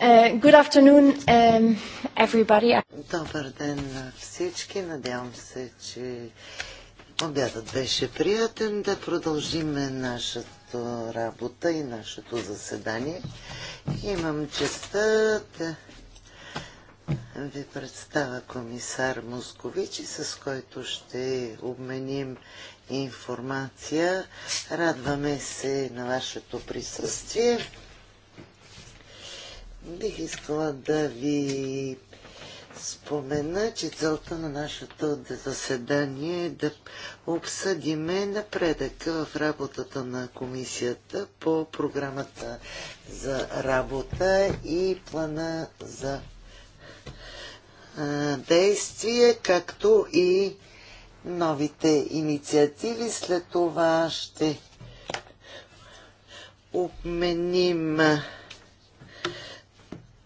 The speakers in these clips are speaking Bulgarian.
Uh, good afternoon, um, everybody. Добър ден на всички. Надявам се, че обядът беше приятен. Да продължим нашата работа и нашето заседание. Имам честа да ви представя комисар Московичи, с който ще обменим информация. Радваме се на вашето присъствие. Бих искала да ви спомена, че целта на нашето заседание е да обсъдиме напредъка в работата на комисията по програмата за работа и плана за действие, както и новите инициативи. След това ще обменим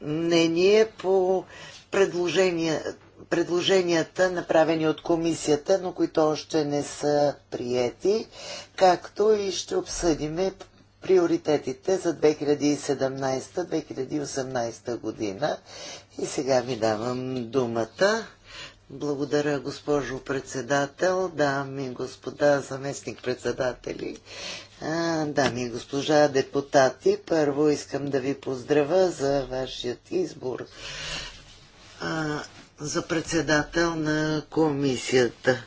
мнение по предложения, предложенията, направени от комисията, но които още не са приети, както и ще обсъдиме приоритетите за 2017-2018 година. И сега ви давам думата благодаря, госпожо председател, дами и господа заместник-председатели, дами и госпожа депутати. Първо искам да ви поздравя за вашият избор за председател на комисията.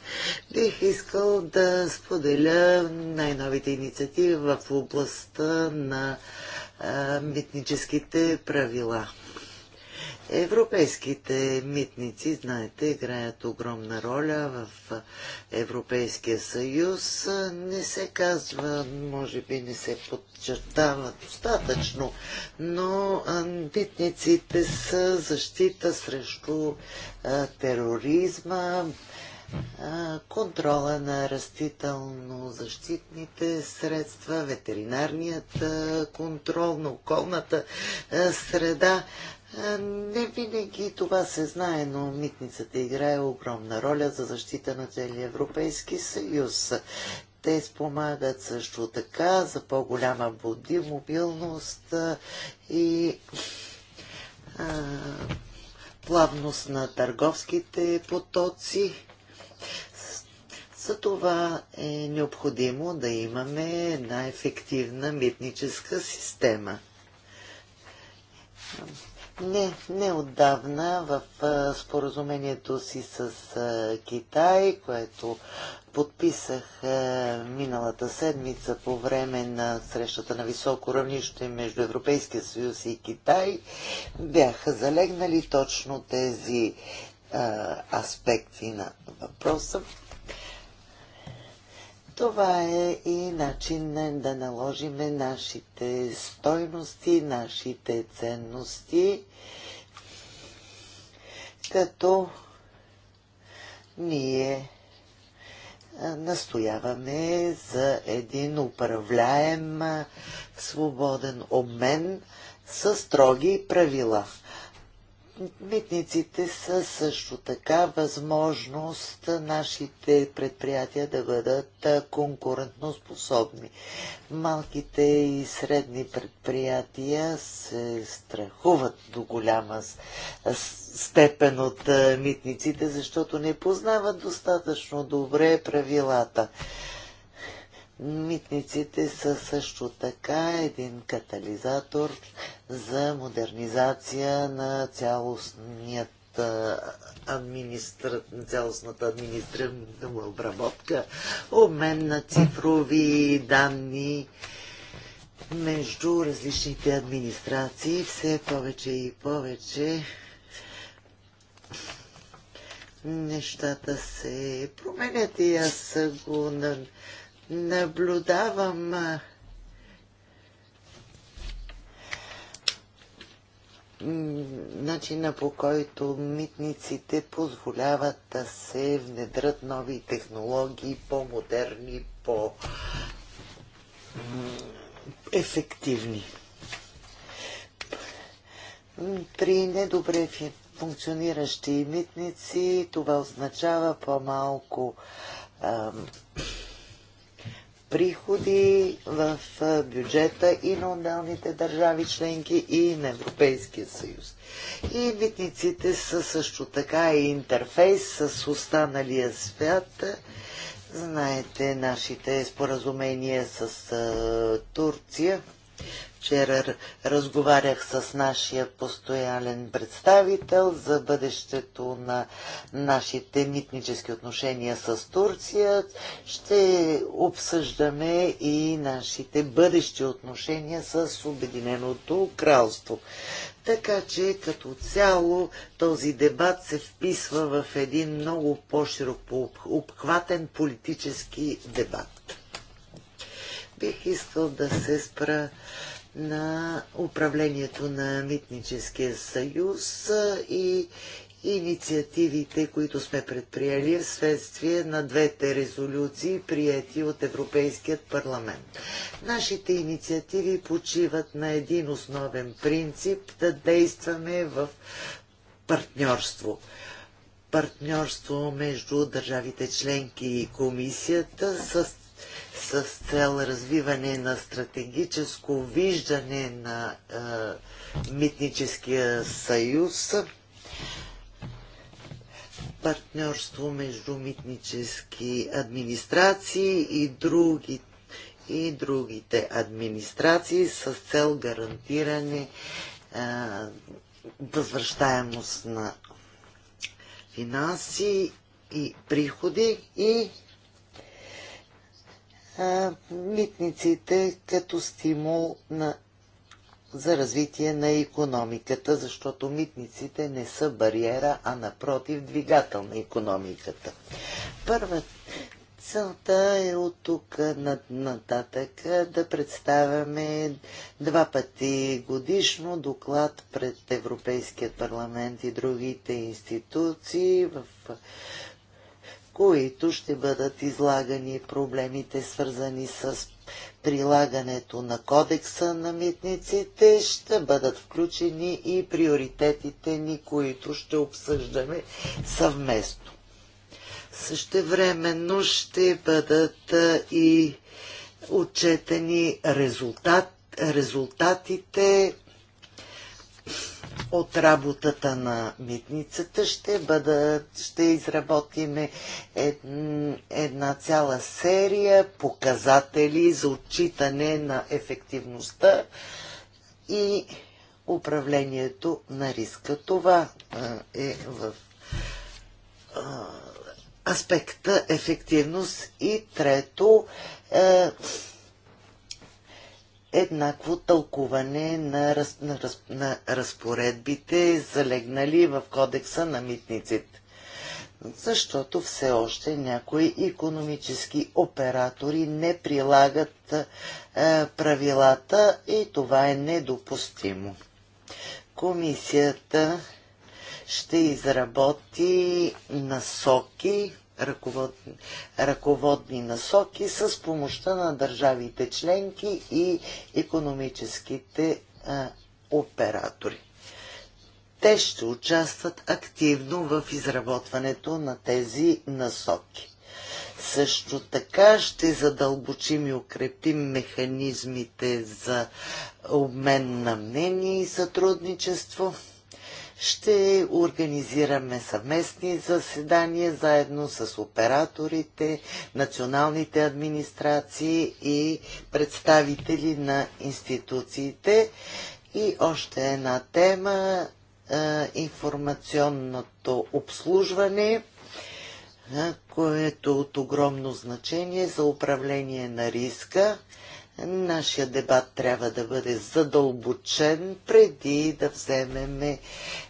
Бих искал да споделя най-новите инициативи в областта на митническите правила. Европейските митници, знаете, играят огромна роля в Европейския съюз. Не се казва, може би не се подчертава достатъчно, но митниците са защита срещу тероризма, контрола на растително-защитните средства, ветеринарният контрол на околната среда. Е, не винаги това се знае, но митницата играе огромна роля за защита на целия Европейски съюз. Те спомагат също така за по-голяма мобилност е, и а, е, плавност на търговските потоци. За това е необходимо да имаме една ефективна митническа система. Не, не отдавна в споразумението си с Китай, което подписах миналата седмица по време на срещата на високо равнище между Европейския съюз и Китай, бяха залегнали точно тези аспекти на въпроса. Това е и начин да наложиме нашите стойности, нашите ценности, като ние настояваме за един управляем свободен обмен със строги правила митниците са също така възможност нашите предприятия да бъдат способни. Малките и средни предприятия се страхуват до голяма степен от митниците, защото не познават достатъчно добре правилата. Митниците са също така един катализатор за модернизация на цялостният цялостната администрирана обработка, обмен на цифрови данни между различните администрации все повече и повече нещата се променят и аз го наблюдавам начина по който митниците позволяват да се внедрят нови технологии, по-модерни, по-ефективни. При недобре функциониращи митници това означава по-малко приходи в бюджета и на отделните държави членки и на Европейския съюз. И митниците са също така и интерфейс с останалия свят. Знаете нашите споразумения с Турция, Вчера разговарях с нашия постоянен представител за бъдещето на нашите митнически отношения с Турция. Ще обсъждаме и нашите бъдещи отношения с Обединеното кралство. Така че като цяло този дебат се вписва в един много по широк обхватен политически дебат. Бих искал да се спра на управлението на Митническия съюз и инициативите, които сме предприели в следствие на двете резолюции, прияти от Европейският парламент. Нашите инициативи почиват на един основен принцип да действаме в партньорство. Партньорство между държавите членки и комисията с с цел развиване на стратегическо виждане на е, митническия съюз, партньорство между митнически администрации и други и другите администрации с цел гарантиране е, възвръщаемост на финанси и приходи и митниците като стимул на, за развитие на економиката, защото митниците не са бариера, а напротив двигател на економиката. Първа целта е от тук нататък да представяме два пъти годишно доклад пред Европейският парламент и другите институции в които ще бъдат излагани проблемите, свързани с прилагането на кодекса на митниците, ще бъдат включени и приоритетите ни, които ще обсъждаме съвместно. Същевременно ще бъдат и отчетени резултат, резултатите от работата на митницата. Ще, бъдат, ще изработиме една цяла серия показатели за отчитане на ефективността и управлението на риска. Това е в аспекта ефективност и трето е, еднакво тълкуване на, раз, на, раз, на разпоредбите, залегнали в кодекса на митниците. Защото все още някои економически оператори не прилагат е, правилата и това е недопустимо. Комисията ще изработи насоки ръководни, ръководни насоки с помощта на държавите членки и економическите а, оператори. Те ще участват активно в изработването на тези насоки. Също така ще задълбочим и укрепим механизмите за обмен на мнение и сътрудничество – ще организираме съвместни заседания заедно с операторите, националните администрации и представители на институциите. И още една тема информационното обслужване, което е от огромно значение за управление на риска. Нашия дебат трябва да бъде задълбочен преди да вземем е,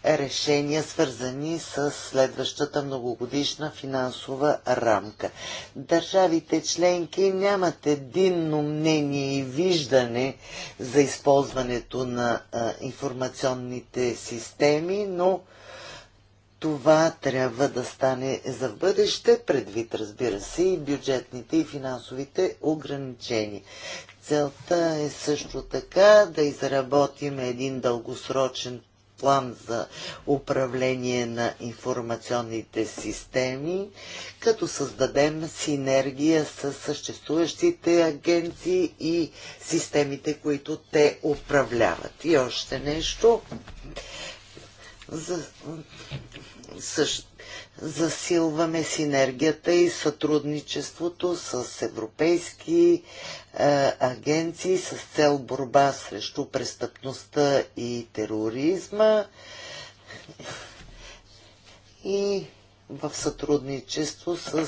решения, свързани с следващата многогодишна финансова рамка. Държавите членки нямат единно мнение и виждане за използването на е, информационните системи, но това трябва да стане за бъдеще, предвид, разбира се, и бюджетните и финансовите ограничения. Целта е също така да изработим един дългосрочен план за управление на информационните системи, като създадем синергия с съществуващите агенции и системите, които те управляват. И още нещо. За... Също засилваме синергията и сътрудничеството с европейски е, агенции с цел борба срещу престъпността и тероризма и в сътрудничество с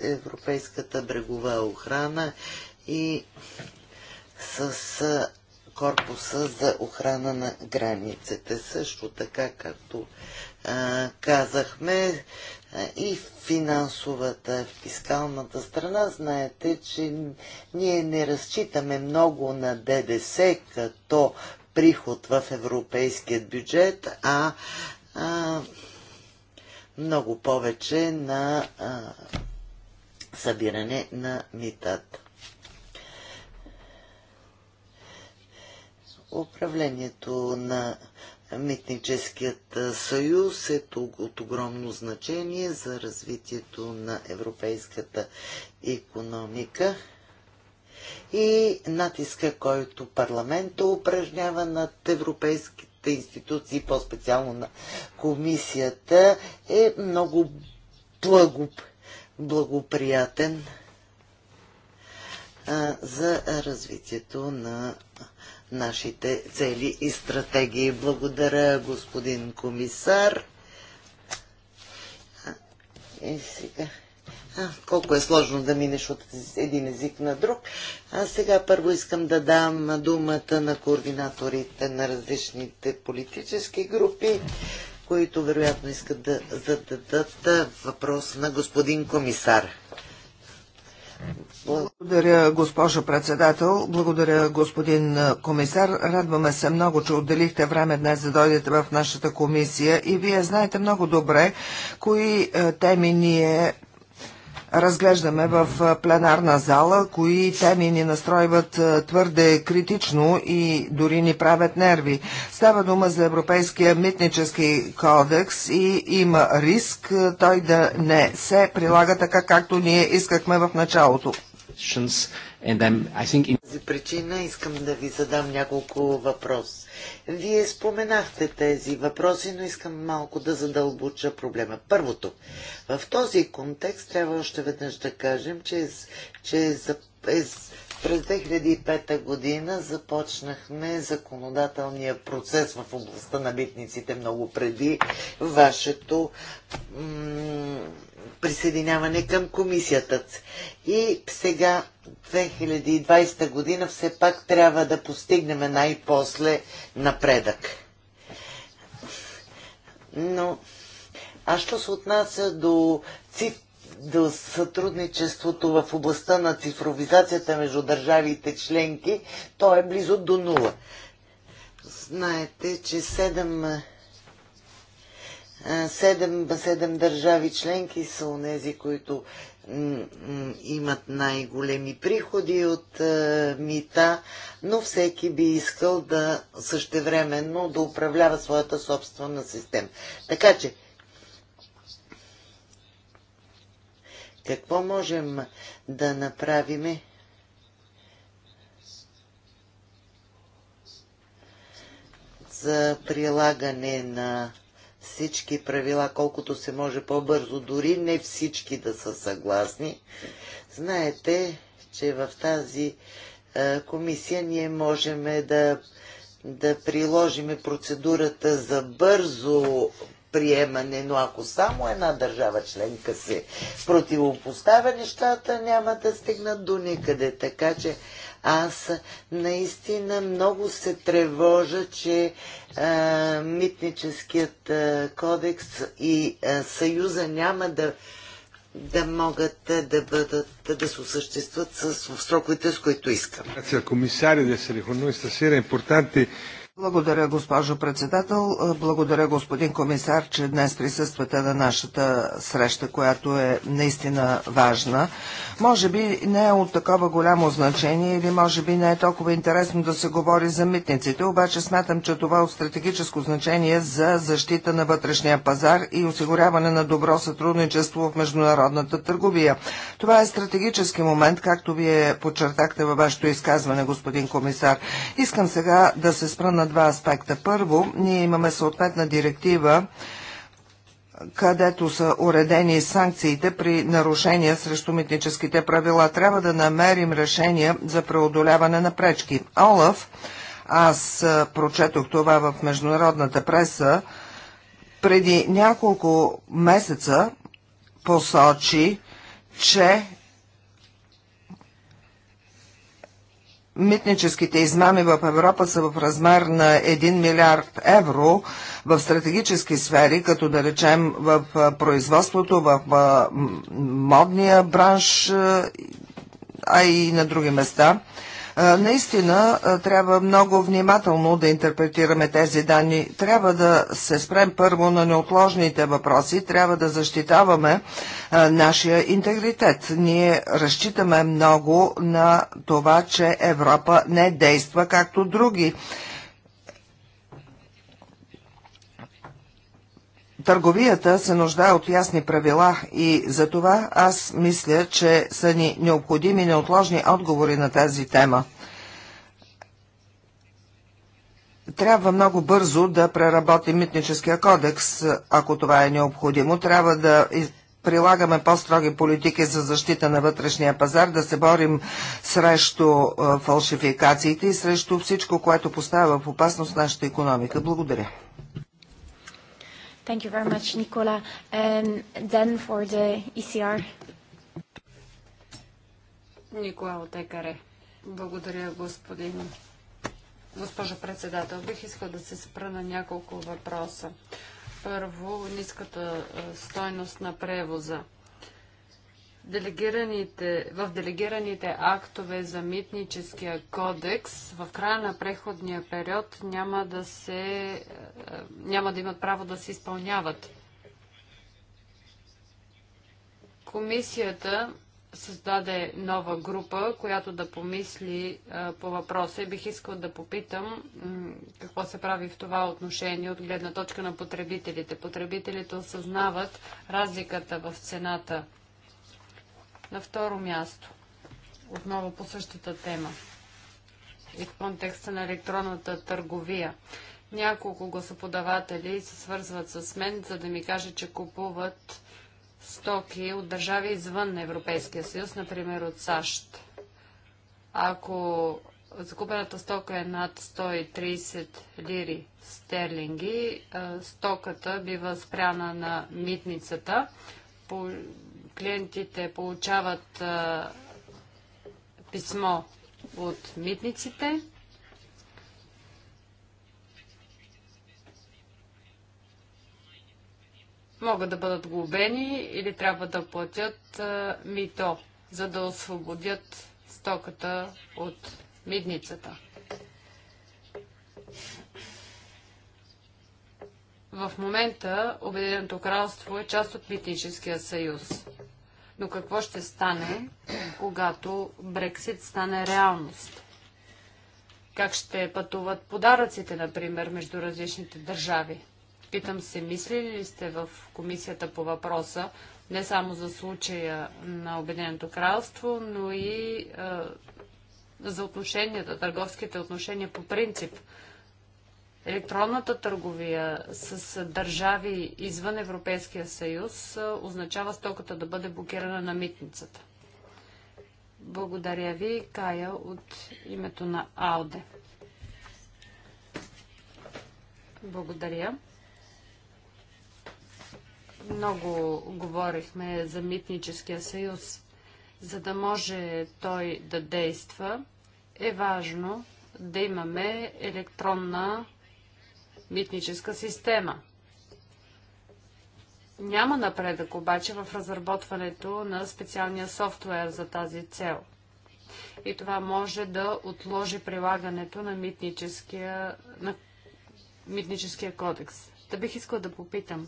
Европейската брегова охрана и с е, корпуса за охрана на границите. Също така, както казахме, и финансовата, фискалната страна, знаете, че ние не разчитаме много на ДДС като приход в европейският бюджет, а, а много повече на а, събиране на митата. Управлението на Митническият съюз е от огромно значение за развитието на европейската економика и натиска, който парламента упражнява над европейските институции, по-специално на комисията, е много благоприятен за развитието на нашите цели и стратегии. Благодаря, господин комисар. И е, сега. А, колко е сложно да минеш от един език на друг. А сега първо искам да дам думата на координаторите на различните политически групи, които вероятно искат да зададат въпрос на господин комисар. Благодаря, госпожо председател. Благодаря, господин комисар. Радваме се много, че отделихте време днес да дойдете в нашата комисия и вие знаете много добре кои теми ние разглеждаме в пленарна зала, кои теми ни настройват твърде критично и дори ни правят нерви. Става дума за Европейския митнически кодекс и има риск той да не се прилага така, както ние искахме в началото. За причина искам да ви задам няколко въпроса. Вие споменахте тези въпроси, но искам малко да задълбоча проблема. Първото, в този контекст трябва още веднъж да кажем, че, че за, е през 2005 година започнахме законодателния процес в областта на битниците много преди вашето присъединяване към комисията. И сега 2020 година все пак трябва да постигнем най-после напредък. Но, а що се отнася до циф до сътрудничеството в областта на цифровизацията между държавите членки, то е близо до нула. Знаете, че 7 Седем, държави членки са унези, които имат най-големи приходи от мита, но всеки би искал да същевременно да управлява своята собствена система. Така че, какво можем да направиме? за прилагане на всички правила колкото се може по-бързо, дори не всички да са съгласни. Знаете, че в тази комисия ние можем да, да приложиме процедурата за бързо приемане, но ако само една държава членка се противопоставя, нещата няма да стигнат до никъде. Така че аз наистина много се тревожа, че а, митническият а, кодекс и а, съюза няма да да могат да бъдат, да се осъществят с в сроковете, с които искам. Grazie al commissario di essere con благодаря, госпожо председател. Благодаря, господин комисар, че днес присъствате на нашата среща, която е наистина важна. Може би не е от такова голямо значение или може би не е толкова интересно да се говори за митниците, обаче смятам, че това е от стратегическо значение за защита на вътрешния пазар и осигуряване на добро сътрудничество в международната търговия. Това е стратегически момент, както вие подчертахте във вашето изказване, господин комисар. Искам сега да се спра на два аспекта. Първо, ние имаме съответна директива, където са уредени санкциите при нарушения срещу митническите правила. Трябва да намерим решения за преодоляване на пречки. Олаф, аз прочетох това в международната преса, преди няколко месеца посочи, че митническите измами в Европа са в размер на 1 милиард евро в стратегически сфери, като да речем в производството, в модния бранш, а и на други места. Наистина трябва много внимателно да интерпретираме тези данни. Трябва да се спрем първо на неотложните въпроси, трябва да защитаваме нашия интегритет. Ние разчитаме много на това, че Европа не действа както други Търговията се нуждае от ясни правила и за това аз мисля, че са ни необходими неотложни отговори на тази тема. Трябва много бързо да преработим митническия кодекс, ако това е необходимо. Трябва да прилагаме по-строги политики за защита на вътрешния пазар, да се борим срещу фалшификациите и срещу всичко, което поставя в опасност нашата економика. Благодаря. Thank you very much, Nicola. Um, for the ECR. Николао Текаре. Благодаря, господин госпожо председател. Бих искал да се спра на няколко въпроса. Първо, ниската стойност на превоза делегираните, в делегираните актове за митническия кодекс в края на преходния период няма да, се, е, няма да имат право да се изпълняват. Комисията създаде нова група, която да помисли е, по въпроса и бих искал да попитам какво се прави в това отношение от гледна точка на потребителите. Потребителите осъзнават разликата в цената на второ място, отново по същата тема и в контекста на електронната търговия. Няколко гласоподаватели се свързват с мен, за да ми кажат, че купуват стоки от държави извън Европейския съюз, например от САЩ. Ако закупената стока е над 130 лири стерлинги, стоката бива спряна на митницата клиентите получават писмо от митниците. Могат да бъдат глобени или трябва да платят мито, за да освободят стоката от митницата в момента Обединеното кралство е част от Митническия съюз. Но какво ще стане, когато Брексит стане реалност? Как ще пътуват подаръците, например, между различните държави? Питам се, мислили ли сте в комисията по въпроса, не само за случая на Обединеното кралство, но и е, за отношенията, търговските отношения по принцип – електронната търговия с държави извън Европейския съюз означава стоката да бъде блокирана на митницата. Благодаря ви, Кая, от името на Ауде. Благодаря. Много говорихме за митническия съюз. За да може той да действа, е важно да имаме електронна митническа система. Няма напредък обаче в разработването на специалния софтуер за тази цел. И това може да отложи прилагането на митническия, на митническия кодекс. Та бих искала да попитам,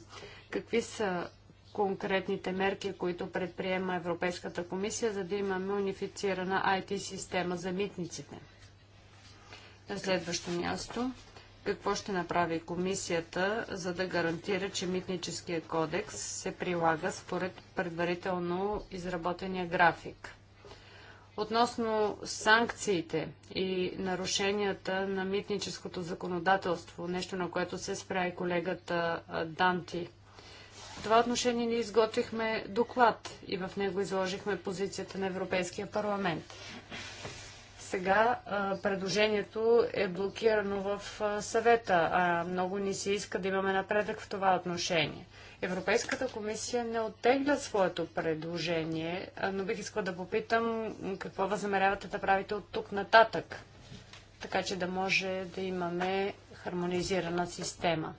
какви са конкретните мерки, които предприема Европейската комисия, за да имаме унифицирана IT-система за митниците. На следващо място какво ще направи комисията, за да гарантира, че митническия кодекс се прилага според предварително изработения график. Относно санкциите и нарушенията на митническото законодателство, нещо на което се спря и колегата Данти, в това отношение ние изготвихме доклад и в него изложихме позицията на Европейския парламент. Сега предложението е блокирано в съвета, а много ни се иска да имаме напредък в това отношение. Европейската комисия не оттегля своето предложение, но бих искала да попитам какво възнамерявате да правите от тук нататък, така че да може да имаме хармонизирана система.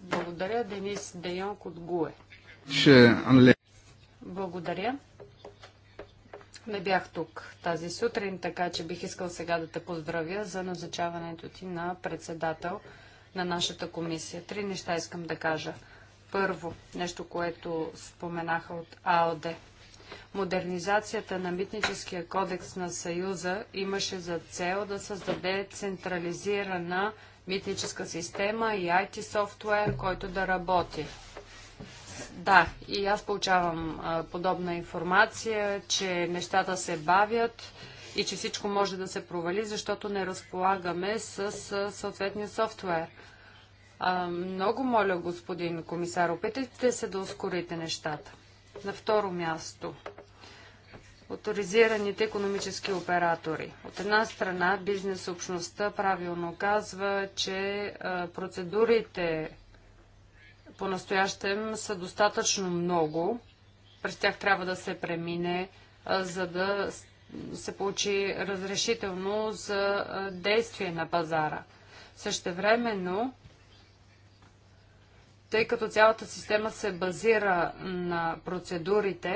Благодаря, Денис Дейонк от ГУЕ. Благодаря. Не бях тук тази сутрин, така че бих искал сега да те поздравя за назначаването ти на председател на нашата комисия. Три неща искам да кажа. Първо, нещо, което споменаха от АОД. Модернизацията на митническия кодекс на Съюза имаше за цел да създаде централизирана митническа система и IT софтуер, който да работи. Да, и аз получавам а, подобна информация, че нещата се бавят и че всичко може да се провали, защото не разполагаме с, с съответния софтуер. А, много моля, господин комисар, опитайте се да ускорите нещата. На второ място, авторизираните економически оператори. От една страна, бизнес общността правилно казва, че а, процедурите по-настоящем са достатъчно много. През тях трябва да се премине, за да се получи разрешително за действие на пазара. Същевременно, тъй като цялата система се базира на процедурите,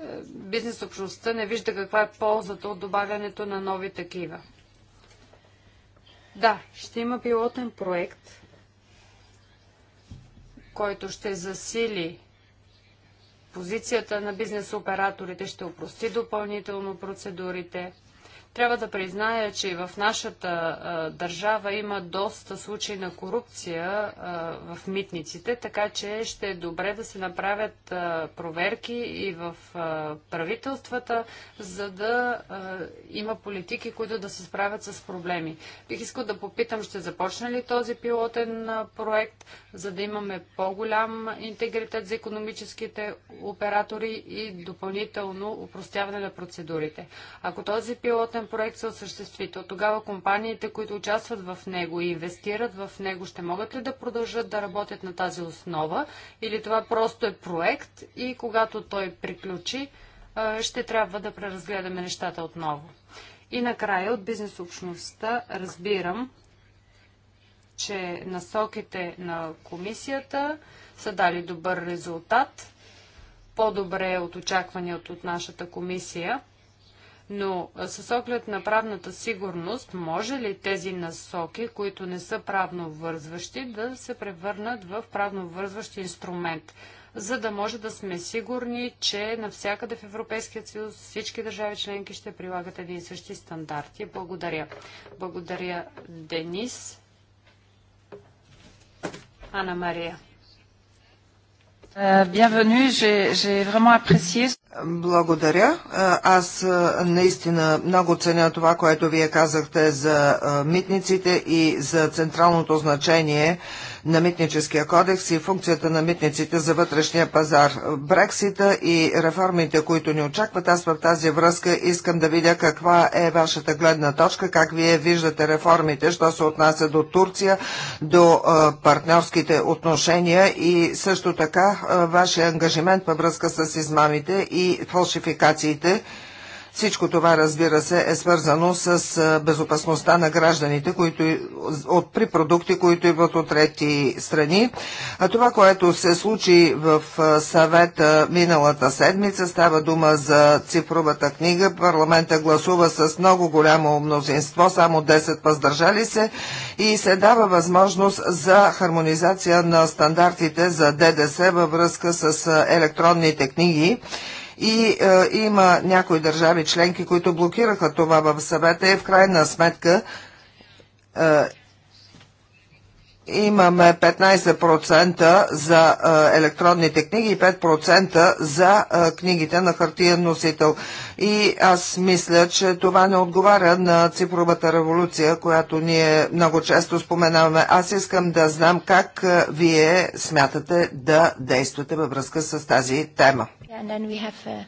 е, бизнес общността не вижда каква е ползата от добавянето на нови такива. Да, ще има пилотен проект, който ще засили позицията на бизнес операторите, ще упрости допълнително процедурите – трябва да призная, че и в нашата а, държава има доста случаи на корупция а, в митниците, така че ще е добре да се направят а, проверки и в правителствата, за да има политики, които да се справят с проблеми. Бих искал да попитам, ще започне ли този пилотен проект, за да имаме по-голям интегритет за економическите оператори и допълнително упростяване на процедурите. Ако този пилотен пилотен проект се осъществи, то тогава компаниите, които участват в него и инвестират в него, ще могат ли да продължат да работят на тази основа или това просто е проект и когато той приключи, ще трябва да преразгледаме нещата отново. И накрая от бизнес общността разбирам, че насоките на комисията са дали добър резултат, по-добре от очакванията от нашата комисия. Но с оглед на правната сигурност, може ли тези насоки, които не са правно вързващи, да се превърнат в правно вързващ инструмент? за да може да сме сигурни, че навсякъде в Европейския съюз всички държави членки ще прилагат един и същи стандарти. Благодаря. Благодаря, Денис. Ана Мария. Е, bienvenue, j'ai vraiment apprécié. Благодаря. Аз наистина много ценя това, което вие казахте за митниците и за централното значение на митническия кодекс и функцията на митниците за вътрешния пазар. Брексита и реформите, които ни очакват, аз в тази връзка искам да видя каква е вашата гледна точка, как вие виждате реформите, що се отнася до Турция, до партньорските отношения и също така вашия ангажимент във връзка с измамите и фалшификациите. Всичко това, разбира се, е свързано с безопасността на гражданите, които от при продукти, които идват от трети страни. А това, което се случи в съвета миналата седмица, става дума за цифровата книга. Парламента гласува с много голямо мнозинство, само 10 въздържали се и се дава възможност за хармонизация на стандартите за ДДС във връзка с електронните книги и е, има някои държави членки, които блокираха това в съвета и в крайна сметка е, имаме 15% за е, електронните книги и 5% за е, книгите на хартиен носител. И аз мисля, че това не отговаря на цифровата революция, която ние много често споменаваме. Аз искам да знам как е, вие смятате да действате във връзка с тази тема. Uh,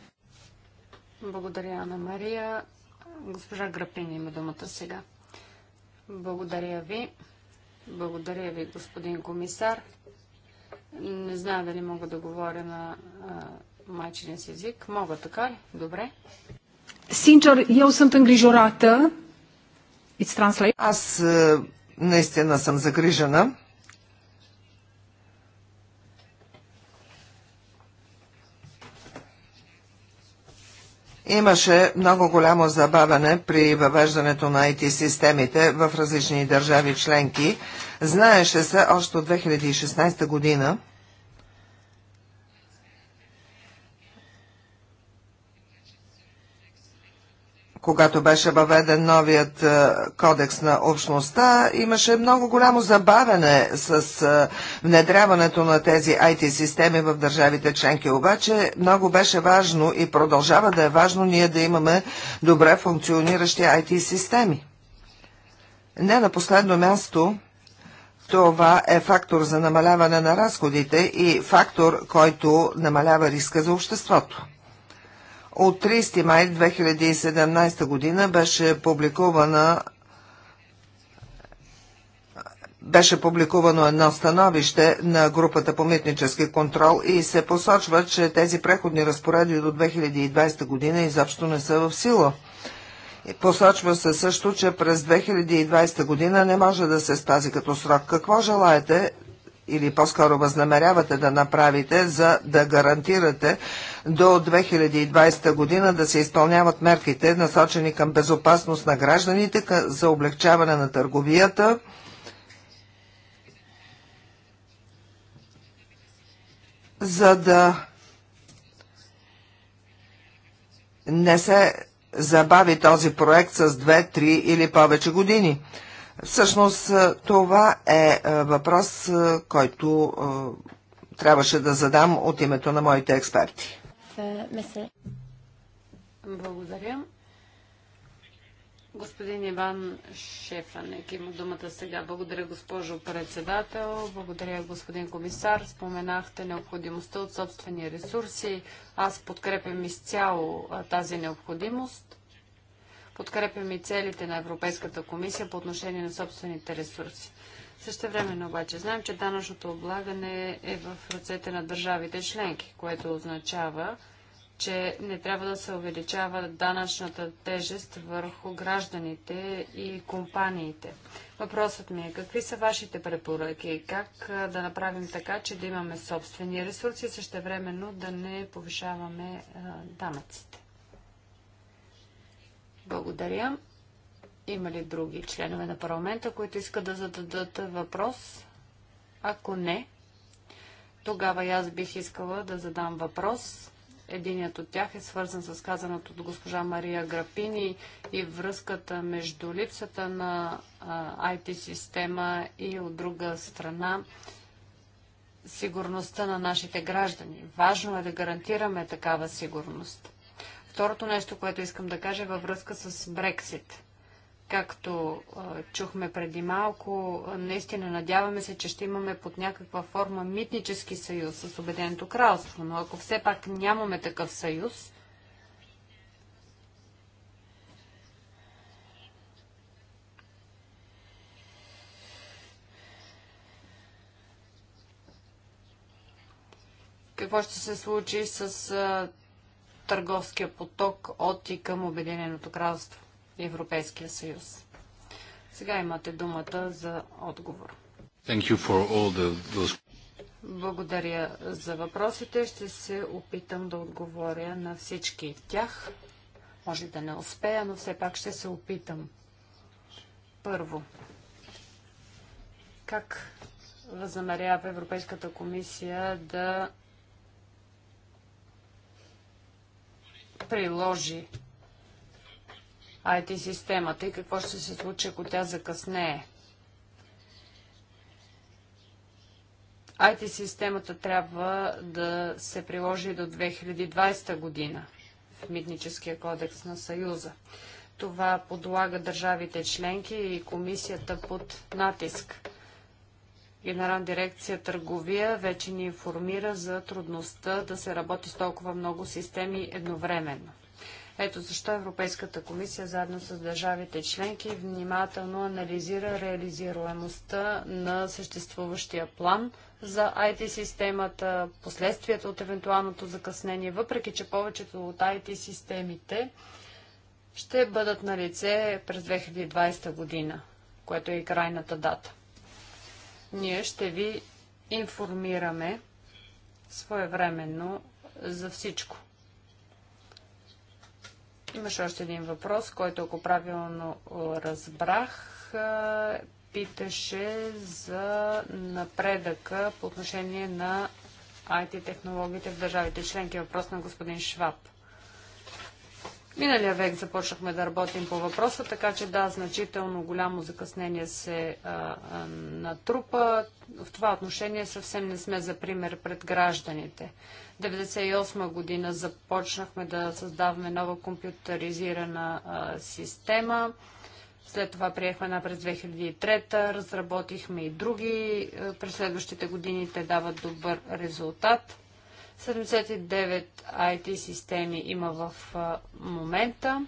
Благодаря, Анна Мария. Госпожа Грапини има думата сега. Благодаря ви. Благодаря ви, господин комисар. Не знам дали мога да говоря на а, майчинен си език. Мога така ли? Добре. Синчер, я съм тънгрижората. It's translate. Аз наистина съм загрижена. Имаше много голямо забавяне при въвеждането на IT-системите в различни държави членки. Знаеше се още от 2016 година, когато беше въведен новият е, кодекс на общността, имаше много голямо забавене с е, внедряването на тези IT системи в държавите членки. Обаче много беше важно и продължава да е важно ние да имаме добре функциониращи IT системи. Не на последно място, това е фактор за намаляване на разходите и фактор, който намалява риска за обществото. От 30 май 2017 година беше публикувана беше публикувано едно становище на групата по митнически контрол и се посочва, че тези преходни разпореди до 2020 година изобщо не са в сила. Посочва се също, че през 2020 година не може да се спази като срок. Какво желаете или по-скоро възнамерявате да направите, за да гарантирате, до 2020 година да се изпълняват мерките, насочени към безопасност на гражданите, за облегчаване на търговията, за да не се забави този проект с 2, 3 или повече години. Всъщност е, това е, е въпрос, е, който трябваше да задам от името на моите експерти. Mr. Е, Благодаря. Господин Иван Шефанек има думата сега. Благодаря, госпожо председател. Благодаря, господин комисар. Споменахте необходимостта от собствени ресурси. Аз подкрепям изцяло тази необходимост. Подкрепям и целите на Европейската комисия по отношение на собствените ресурси. Също времено обаче знаем, че данъчното облагане е в ръцете на държавите членки, което означава, че не трябва да се увеличава данъчната тежест върху гражданите и компаниите. Въпросът ми е какви са вашите препоръки? Как да направим така, че да имаме собствени ресурси също същевременно да не повишаваме данъците? Благодаря. Има ли други членове на парламента, които искат да зададат въпрос? Ако не, тогава и аз бих искала да задам въпрос. Единият от тях е свързан с казаното от госпожа Мария Грапини и връзката между липсата на IT-система и от друга страна сигурността на нашите граждани. Важно е да гарантираме такава сигурност. Второто нещо, което искам да кажа е във връзка с Брексит. Както чухме преди малко, наистина надяваме се, че ще имаме под някаква форма митнически съюз с Обеденото кралство, но ако все пак нямаме такъв съюз, какво ще се случи с търговския поток от и към Обединеното кралство. Европейския съюз. Сега имате думата за отговор. Благодаря за въпросите. Ще се опитам да отговоря на всички тях. Може да не успея, но все пак ще се опитам. Първо, как възнамерява Европейската комисия да приложи IT-системата и какво ще се случи, ако тя закъснее. IT-системата трябва да се приложи до 2020 година в Митническия кодекс на Съюза. Това подлага държавите членки и комисията под натиск. Генерална дирекция търговия вече ни информира за трудността да се работи с толкова много системи едновременно. Ето защо Европейската комисия заедно с държавите членки внимателно анализира реализируемостта на съществуващия план за IT-системата, последствията от евентуалното закъснение, въпреки че повечето от IT-системите ще бъдат на лице през 2020 година, което е и крайната дата. Ние ще ви информираме своевременно за всичко. Имаше още един въпрос, който ако правилно разбрах, питаше за напредъка по отношение на IT технологиите в държавите членки. Въпрос на господин Шваб. Миналия век започнахме да работим по въпроса, така че да, значително голямо закъснение се а, а, натрупа. В това отношение съвсем не сме за пример пред гражданите. 1998 година започнахме да създаваме нова компютъризирана а, система. След това приехме една през 2003, разработихме и други. През следващите години те дават добър резултат. 79 IT системи има в момента.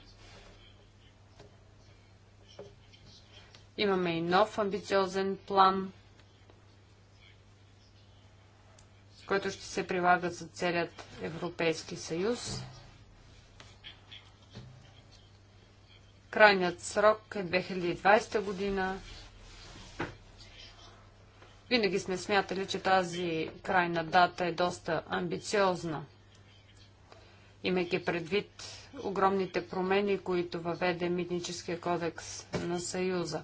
Имаме и нов амбициозен план, който ще се прилага за целият Европейски съюз. Крайният срок е 2020 година винаги сме смятали, че тази крайна дата е доста амбициозна, имайки предвид огромните промени, които въведе Митническия кодекс на Съюза.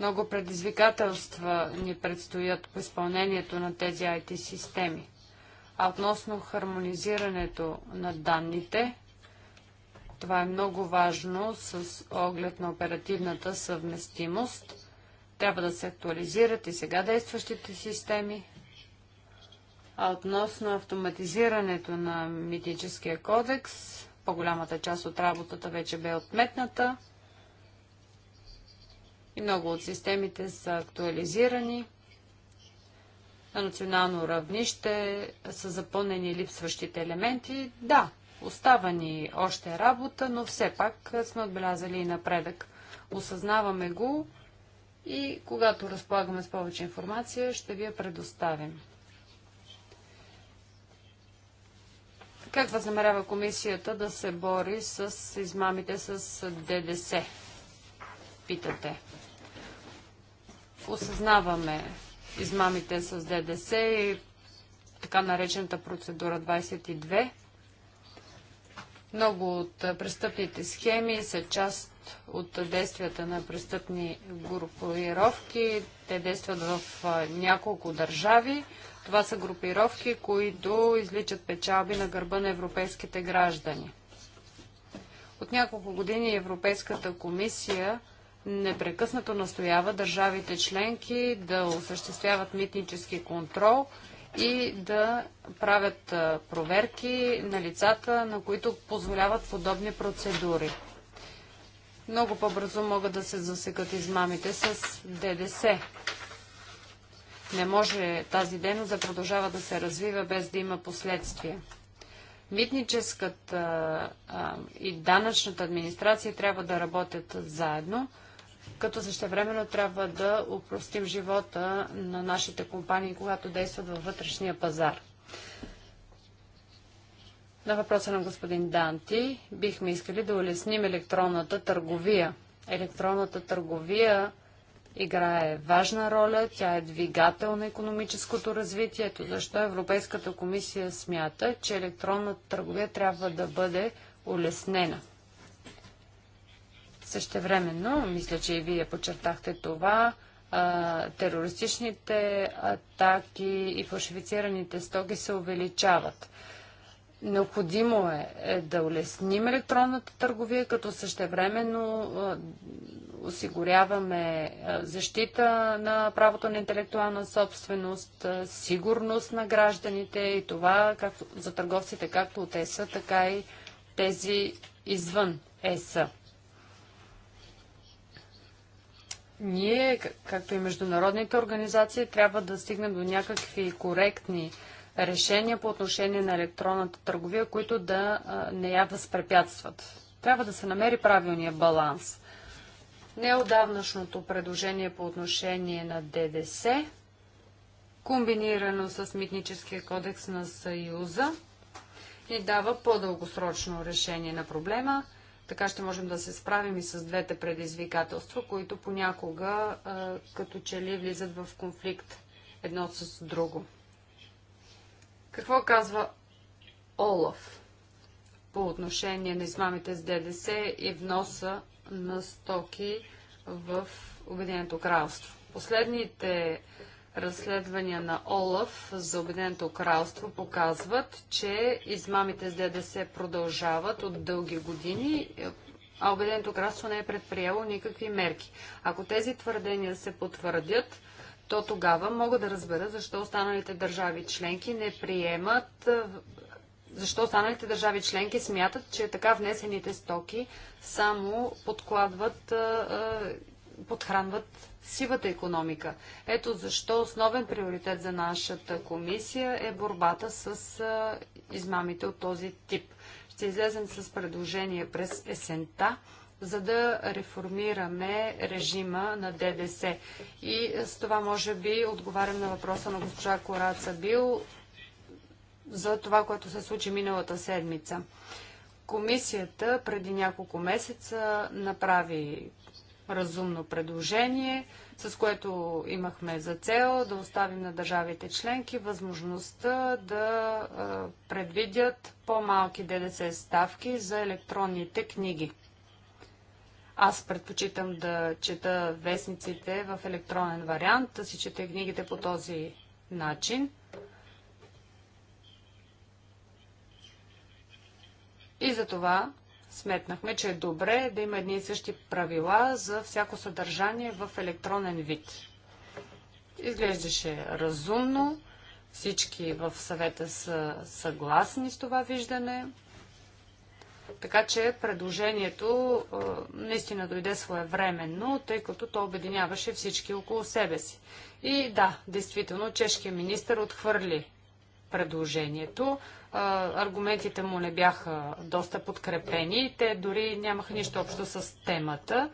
Много предизвикателства ни предстоят по изпълнението на тези IT системи. А относно хармонизирането на данните, това е много важно с оглед на оперативната съвместимост. Трябва да се актуализират и сега действащите системи. А относно автоматизирането на митическия кодекс, по-голямата част от работата вече бе отметната и много от системите са актуализирани. На национално равнище са запълнени липсващите елементи. Да, Остава ни още работа, но все пак сме отбелязали и напредък. Осъзнаваме го и когато разполагаме с повече информация, ще ви я предоставим. Как възнамерява комисията да се бори с измамите с ДДС? Питате. Осъзнаваме измамите с ДДС и така наречената процедура 22. Много от престъпните схеми са част от действията на престъпни групировки. Те действат в няколко държави. Това са групировки, които изличат печалби на гърба на европейските граждани. От няколко години Европейската комисия непрекъснато настоява държавите членки да осъществяват митнически контрол – и да правят проверки на лицата, на които позволяват подобни процедури. Много по-бързо могат да се засекат измамите с ДДС. Не може тази дейност да продължава да се развива без да има последствия. Митническата и данъчната администрация трябва да работят заедно – като същевременно трябва да упростим живота на нашите компании, когато действат във вътрешния пазар. На въпроса на господин Данти, бихме искали да улесним електронната търговия. Електронната търговия играе важна роля, тя е двигател на економическото развитие. Ето защо Европейската комисия смята, че електронната търговия трябва да бъде улеснена. Същевременно, мисля, че и вие подчертахте това, терористичните атаки и фалшифицираните стоки се увеличават. Необходимо е, е да улесним електронната търговия, като същевременно осигуряваме защита на правото на интелектуална собственост, сигурност на гражданите и това както за търговците както от ЕСА, така и тези извън ЕСА. ние, както и международните организации, трябва да стигнем до някакви коректни решения по отношение на електронната търговия, които да не я възпрепятстват. Трябва да се намери правилния баланс. Неодавнашното предложение по отношение на ДДС, комбинирано с Митническия кодекс на Съюза, ни дава по-дългосрочно решение на проблема – така ще можем да се справим и с двете предизвикателства, които понякога като че ли влизат в конфликт едно с друго. Какво казва Олаф по отношение на измамите с ДДС и вноса на стоки в Обединеното кралство? Последните разследвания на ОЛАФ за Обединеното кралство показват, че измамите с ДДС продължават от дълги години, а Обединеното кралство не е предприело никакви мерки. Ако тези твърдения се потвърдят, то тогава мога да разбера защо останалите държави членки не приемат защо останалите държави членки смятат, че така внесените стоки само подкладват а, а, подхранват сивата економика. Ето защо основен приоритет за нашата комисия е борбата с измамите от този тип. Ще излезем с предложение през есента за да реформираме режима на ДДС. И с това може би отговарям на въпроса на госпожа Кораца Бил за това, което се случи миналата седмица. Комисията преди няколко месеца направи разумно предложение, с което имахме за цел да оставим на държавите членки възможността да предвидят по-малки ДДС ставки за електронните книги. Аз предпочитам да чета вестниците в електронен вариант, да си чета книгите по този начин. И за това сметнахме, че е добре да има едни и същи правила за всяко съдържание в електронен вид. Изглеждаше разумно, всички в съвета са съгласни с това виждане. Така че предложението наистина дойде своевременно, тъй като то обединяваше всички около себе си. И да, действително, чешкият министр отхвърли предложението. Аргументите му не бяха доста подкрепени. Те дори нямаха нищо общо с темата.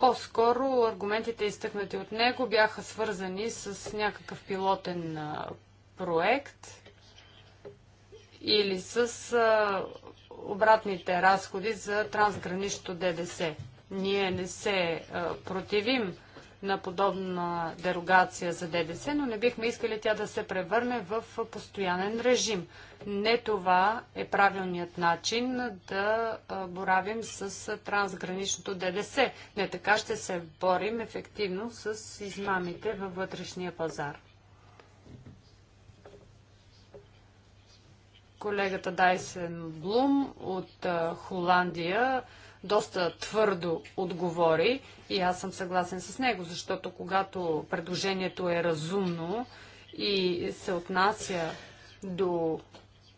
По-скоро аргументите, изтъкнати от него, бяха свързани с някакъв пилотен проект или с обратните разходи за трансгранично ДДС. Ние не се противим на подобна дерогация за ДДС, но не бихме искали тя да се превърне в постоянен режим. Не това е правилният начин да боравим с трансграничното ДДС. Не така ще се борим ефективно с измамите във вътрешния пазар. Колегата Дайсен Блум от Холандия доста твърдо отговори и аз съм съгласен с него, защото когато предложението е разумно и се отнася до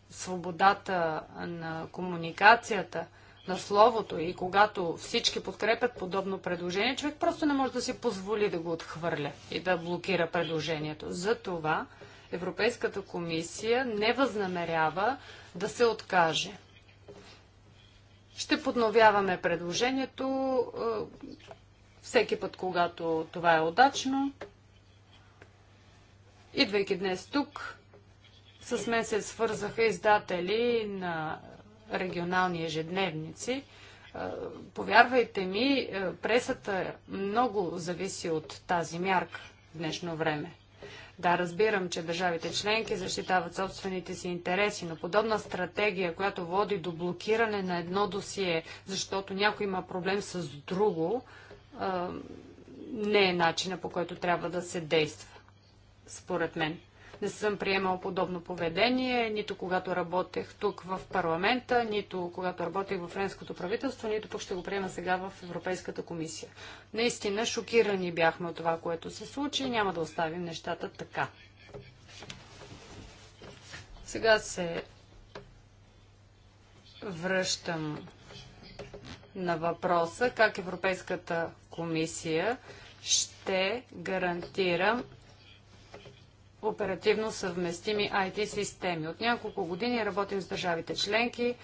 свободата на комуникацията, на словото и когато всички подкрепят подобно предложение, човек просто не може да си позволи да го отхвърля и да блокира предложението. Затова Европейската комисия не възнамерява да се откаже ще подновяваме предложението всеки път, когато това е удачно. Идвайки днес тук, с мен се свързаха издатели на регионални ежедневници. Повярвайте ми, пресата много зависи от тази мярка в днешно време. Да, разбирам, че държавите членки защитават собствените си интереси, но подобна стратегия, която води до блокиране на едно досие, защото някой има проблем с друго, не е начина по който трябва да се действа, според мен. Не съм приемал подобно поведение, нито когато работех тук в парламента, нито когато работех в френското правителство, нито пък ще го приема сега в Европейската комисия. Наистина шокирани бяхме от това, което се случи. Няма да оставим нещата така. Сега се връщам на въпроса как Европейската комисия ще гарантира оперативно съвместими IT системи. От няколко години работим с държавите членки,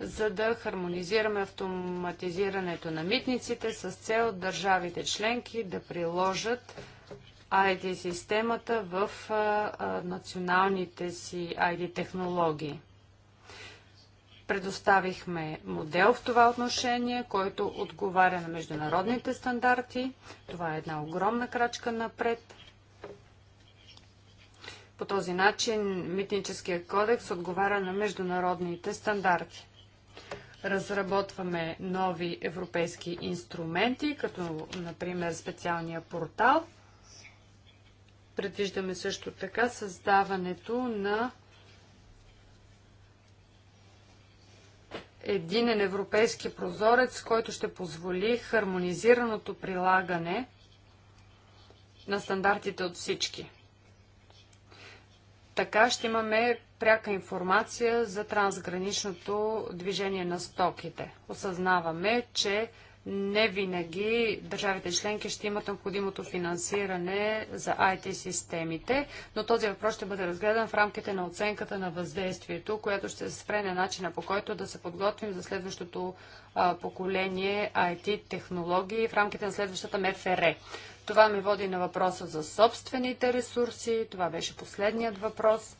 за да хармонизираме автоматизирането на митниците с цел държавите членки да приложат IT системата в националните си IT технологии. Предоставихме модел в това отношение, който отговаря на международните стандарти. Това е една огромна крачка напред. По този начин митническия кодекс отговаря на международните стандарти. Разработваме нови европейски инструменти, като например специалния портал. Предвиждаме също така създаването на единен европейски прозорец, който ще позволи хармонизираното прилагане на стандартите от всички. Така ще имаме пряка информация за трансграничното движение на стоките. Осъзнаваме, че не винаги държавите членки ще имат необходимото финансиране за IT системите, но този въпрос ще бъде разгледан в рамките на оценката на въздействието, която ще се спре на начина по който да се подготвим за следващото а, поколение IT технологии в рамките на следващата МФР. Това ме води на въпроса за собствените ресурси. Това беше последният въпрос.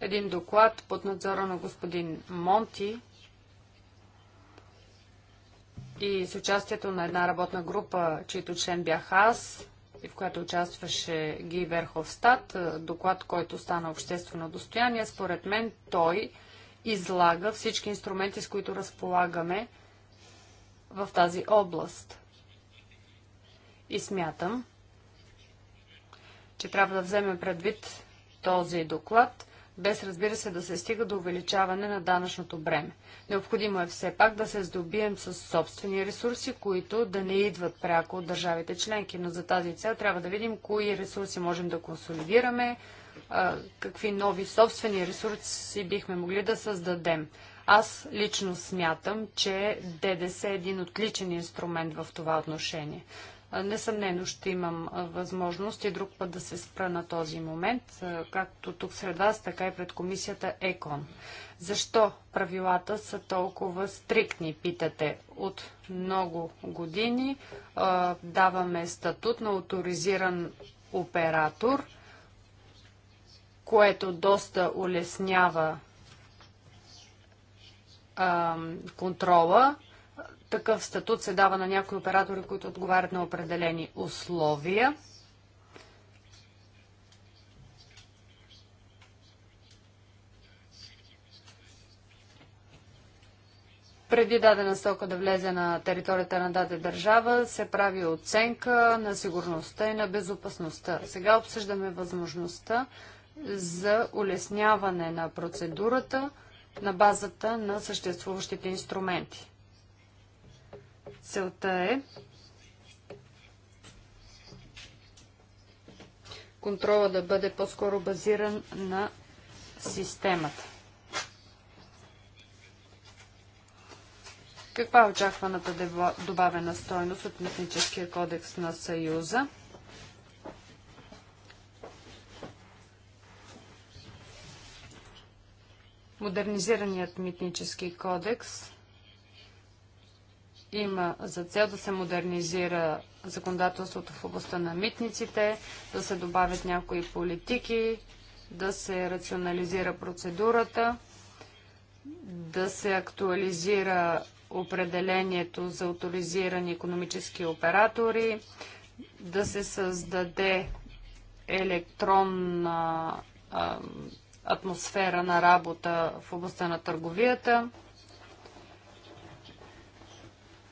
Един доклад под надзора на господин Монти и с участието на една работна група, чието член бях аз, и в която участваше Ги Верховстат, доклад, който стана обществено достояние. Според мен той излага всички инструменти, с които разполагаме в тази област. И смятам, че трябва да вземем предвид този доклад, без разбира се да се стига до увеличаване на данъчното бреме. Необходимо е все пак да се здобием с собствени ресурси, които да не идват пряко от държавите членки, но за тази цел трябва да видим кои ресурси можем да консолидираме, какви нови собствени ресурси бихме могли да създадем. Аз лично смятам, че ДДС е един отличен инструмент в това отношение. Несъмнено ще имам възможност и друг път да се спра на този момент, както тук сред вас, така и пред комисията ЕКОН. Защо правилата са толкова стриктни, питате? От много години даваме статут на авторизиран оператор което доста улеснява а, контрола. Такъв статут се дава на някои оператори, които отговарят на определени условия. преди дадена стока да влезе на територията на даде държава, се прави оценка на сигурността и на безопасността. Сега обсъждаме възможността за улесняване на процедурата на базата на съществуващите инструменти. Целта е контрола да бъде по-скоро базиран на системата. Каква е очакваната добавена стойност от Митническия кодекс на Съюза? Модернизираният митнически кодекс има за цел да се модернизира законодателството в областта на митниците, да се добавят някои политики, да се рационализира процедурата, да се актуализира определението за авторизирани економически оператори, да се създаде електронна а, атмосфера на работа в областта на търговията,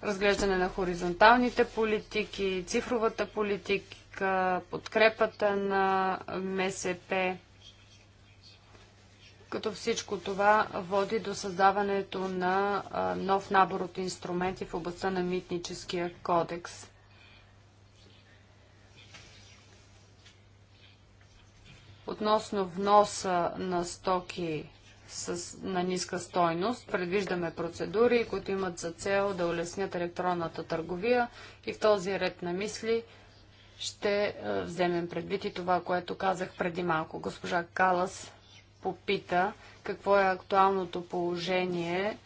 разглеждане на хоризонталните политики, цифровата политика, подкрепата на МСП, като всичко това води до създаването на нов набор от инструменти в областта на митническия кодекс – Относно вноса на стоки с, на ниска стойност. Предвиждаме процедури, които имат за цел да улеснят електронната търговия и в този ред на мисли ще е, вземем предвид и това, което казах преди малко. Госпожа Калас попита какво е актуалното положение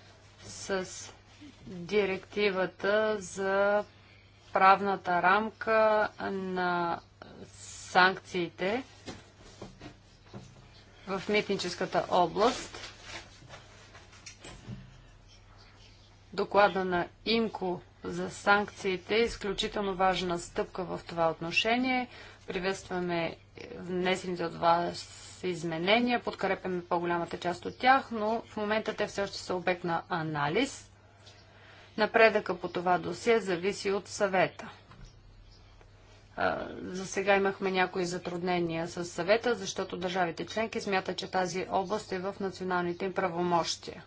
с директивата за правната рамка на санкциите в митническата област. Доклада на ИМКО за санкциите е изключително важна стъпка в това отношение. Приветстваме внесените от вас изменения, подкрепяме по-голямата част от тях, но в момента те все още са обект на анализ. Напредъка по това досие зависи от съвета. За сега имахме някои затруднения с съвета, защото държавите членки смятат, че тази област е в националните им правомощия.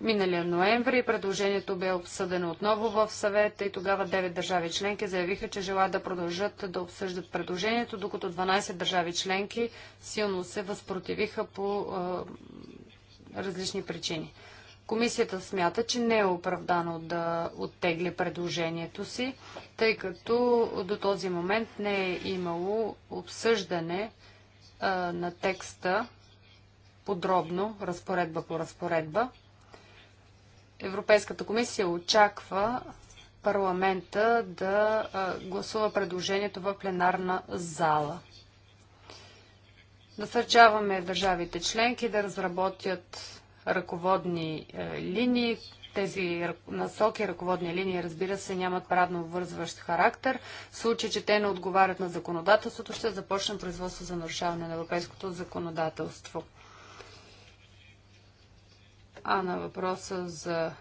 Миналия ноември предложението бе обсъдено отново в съвета и тогава 9 държави членки заявиха, че желаят да продължат да обсъждат предложението, докато 12 държави членки силно се възпротивиха по е, различни причини. Комисията смята, че не е оправдано да оттегли предложението си, тъй като до този момент не е имало обсъждане на текста подробно, разпоредба по разпоредба. Европейската комисия очаква парламента да гласува предложението в пленарна зала. Насърчаваме държавите членки да разработят ръководни е, линии. Тези насоки, ръководни линии, разбира се, нямат правно вързващ характер. В случай, че те не отговарят на законодателството, ще започне производство за нарушаване на европейското законодателство. А на въпроса за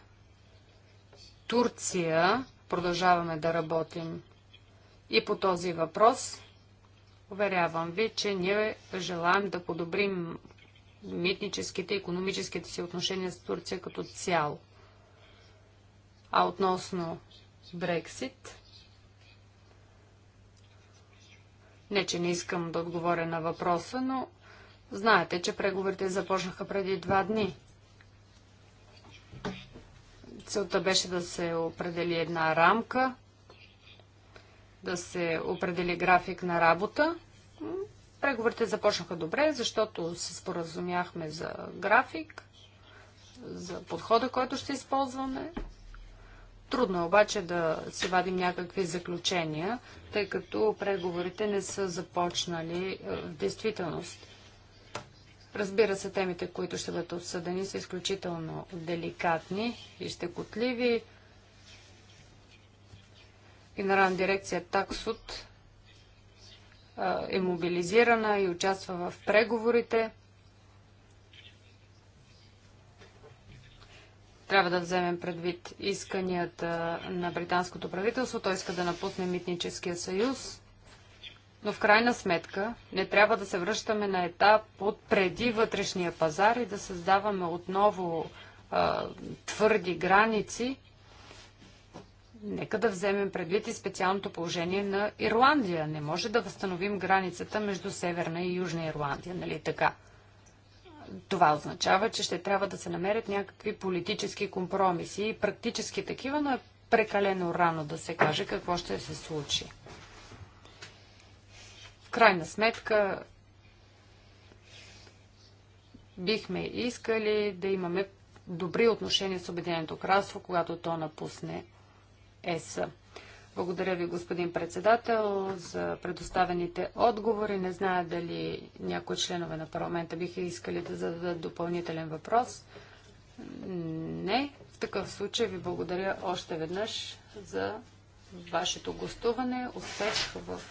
Турция продължаваме да работим и по този въпрос. Уверявам ви, че ние желаем да подобрим митническите и економическите си отношения с Турция като цяло. А относно Брексит, не, че не искам да отговоря на въпроса, но знаете, че преговорите започнаха преди два дни. Целта беше да се определи една рамка, да се определи график на работа. Преговорите започнаха добре, защото се споразумяхме за график, за подхода, който ще използваме. Трудно е обаче да си вадим някакви заключения, тъй като преговорите не са започнали е, в действителност. Разбира се, темите, които ще бъдат обсъдени, са изключително деликатни и щекотливи. Генерална дирекция Таксот е мобилизирана и участва в преговорите. Трябва да вземем предвид исканията на британското правителство. Той иска да напусне Митническия съюз. Но в крайна сметка не трябва да се връщаме на етап от преди вътрешния пазар и да създаваме отново а, твърди граници, Нека да вземем предвид и специалното положение на Ирландия. Не може да възстановим границата между Северна и Южна Ирландия, нали така? Това означава, че ще трябва да се намерят някакви политически компромиси и практически такива, но е прекалено рано да се каже какво ще се случи. В крайна сметка, бихме искали да имаме добри отношения с Обединеното кралство, когато то напусне ЕС. Благодаря ви, господин председател, за предоставените отговори. Не зная дали някои членове на парламента биха искали да зададат допълнителен въпрос. Не. В такъв случай ви благодаря още веднъж за вашето гостуване. Успех в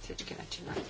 всички начинания.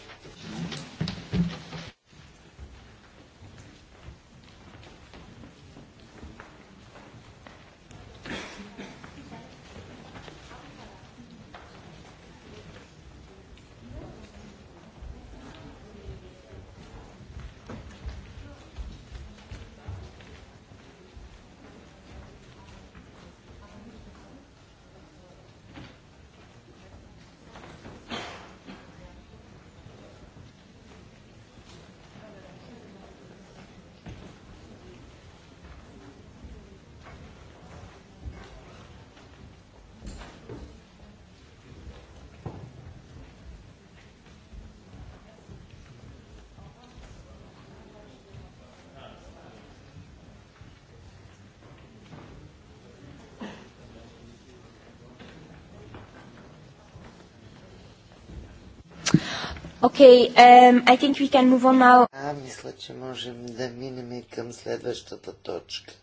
Okay, um, I think we can move on now. А, мисля, че можем да минем и към следващата точка.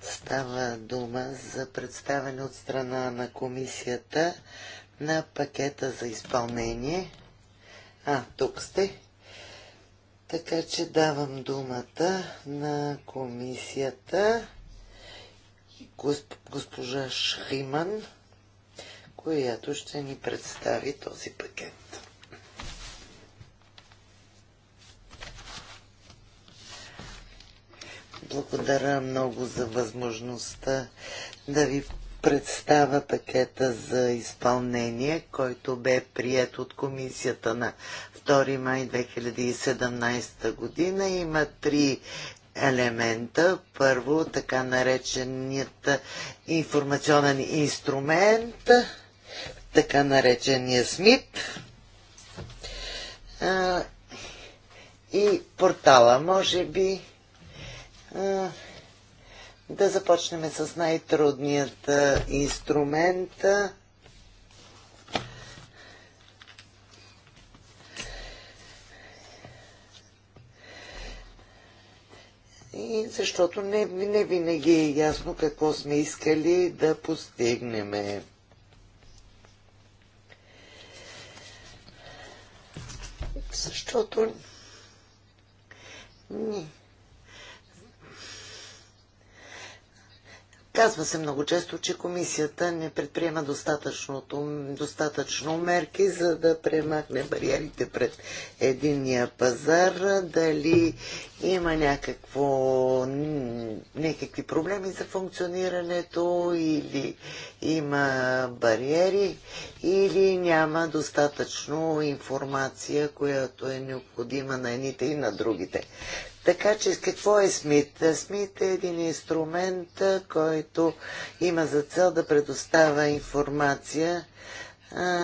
Става дума за представяне от страна на комисията на пакета за изпълнение. А, тук сте. Така че давам думата на комисията госп, госпожа Шриман, която ще ни представи този пакет. Благодаря много за възможността да ви представя пакета за изпълнение, който бе прият от комисията на 2 май 2017 година. Има три елемента. Първо, така нареченият информационен инструмент, така наречения СМИТ и портала. Може би да започнем с най-трудният инструмент. И защото не, не винаги е ясно какво сме искали да постигнем. Защото ни, Казва се много често, че комисията не предприема достатъчно мерки, за да премахне бариерите пред единния пазар. Дали има някакво, някакви проблеми за функционирането или има бариери или няма достатъчно информация, която е необходима на едните и на другите. Така че какво е СМИТ? СМИТ е един инструмент, който има за цел да предоставя информация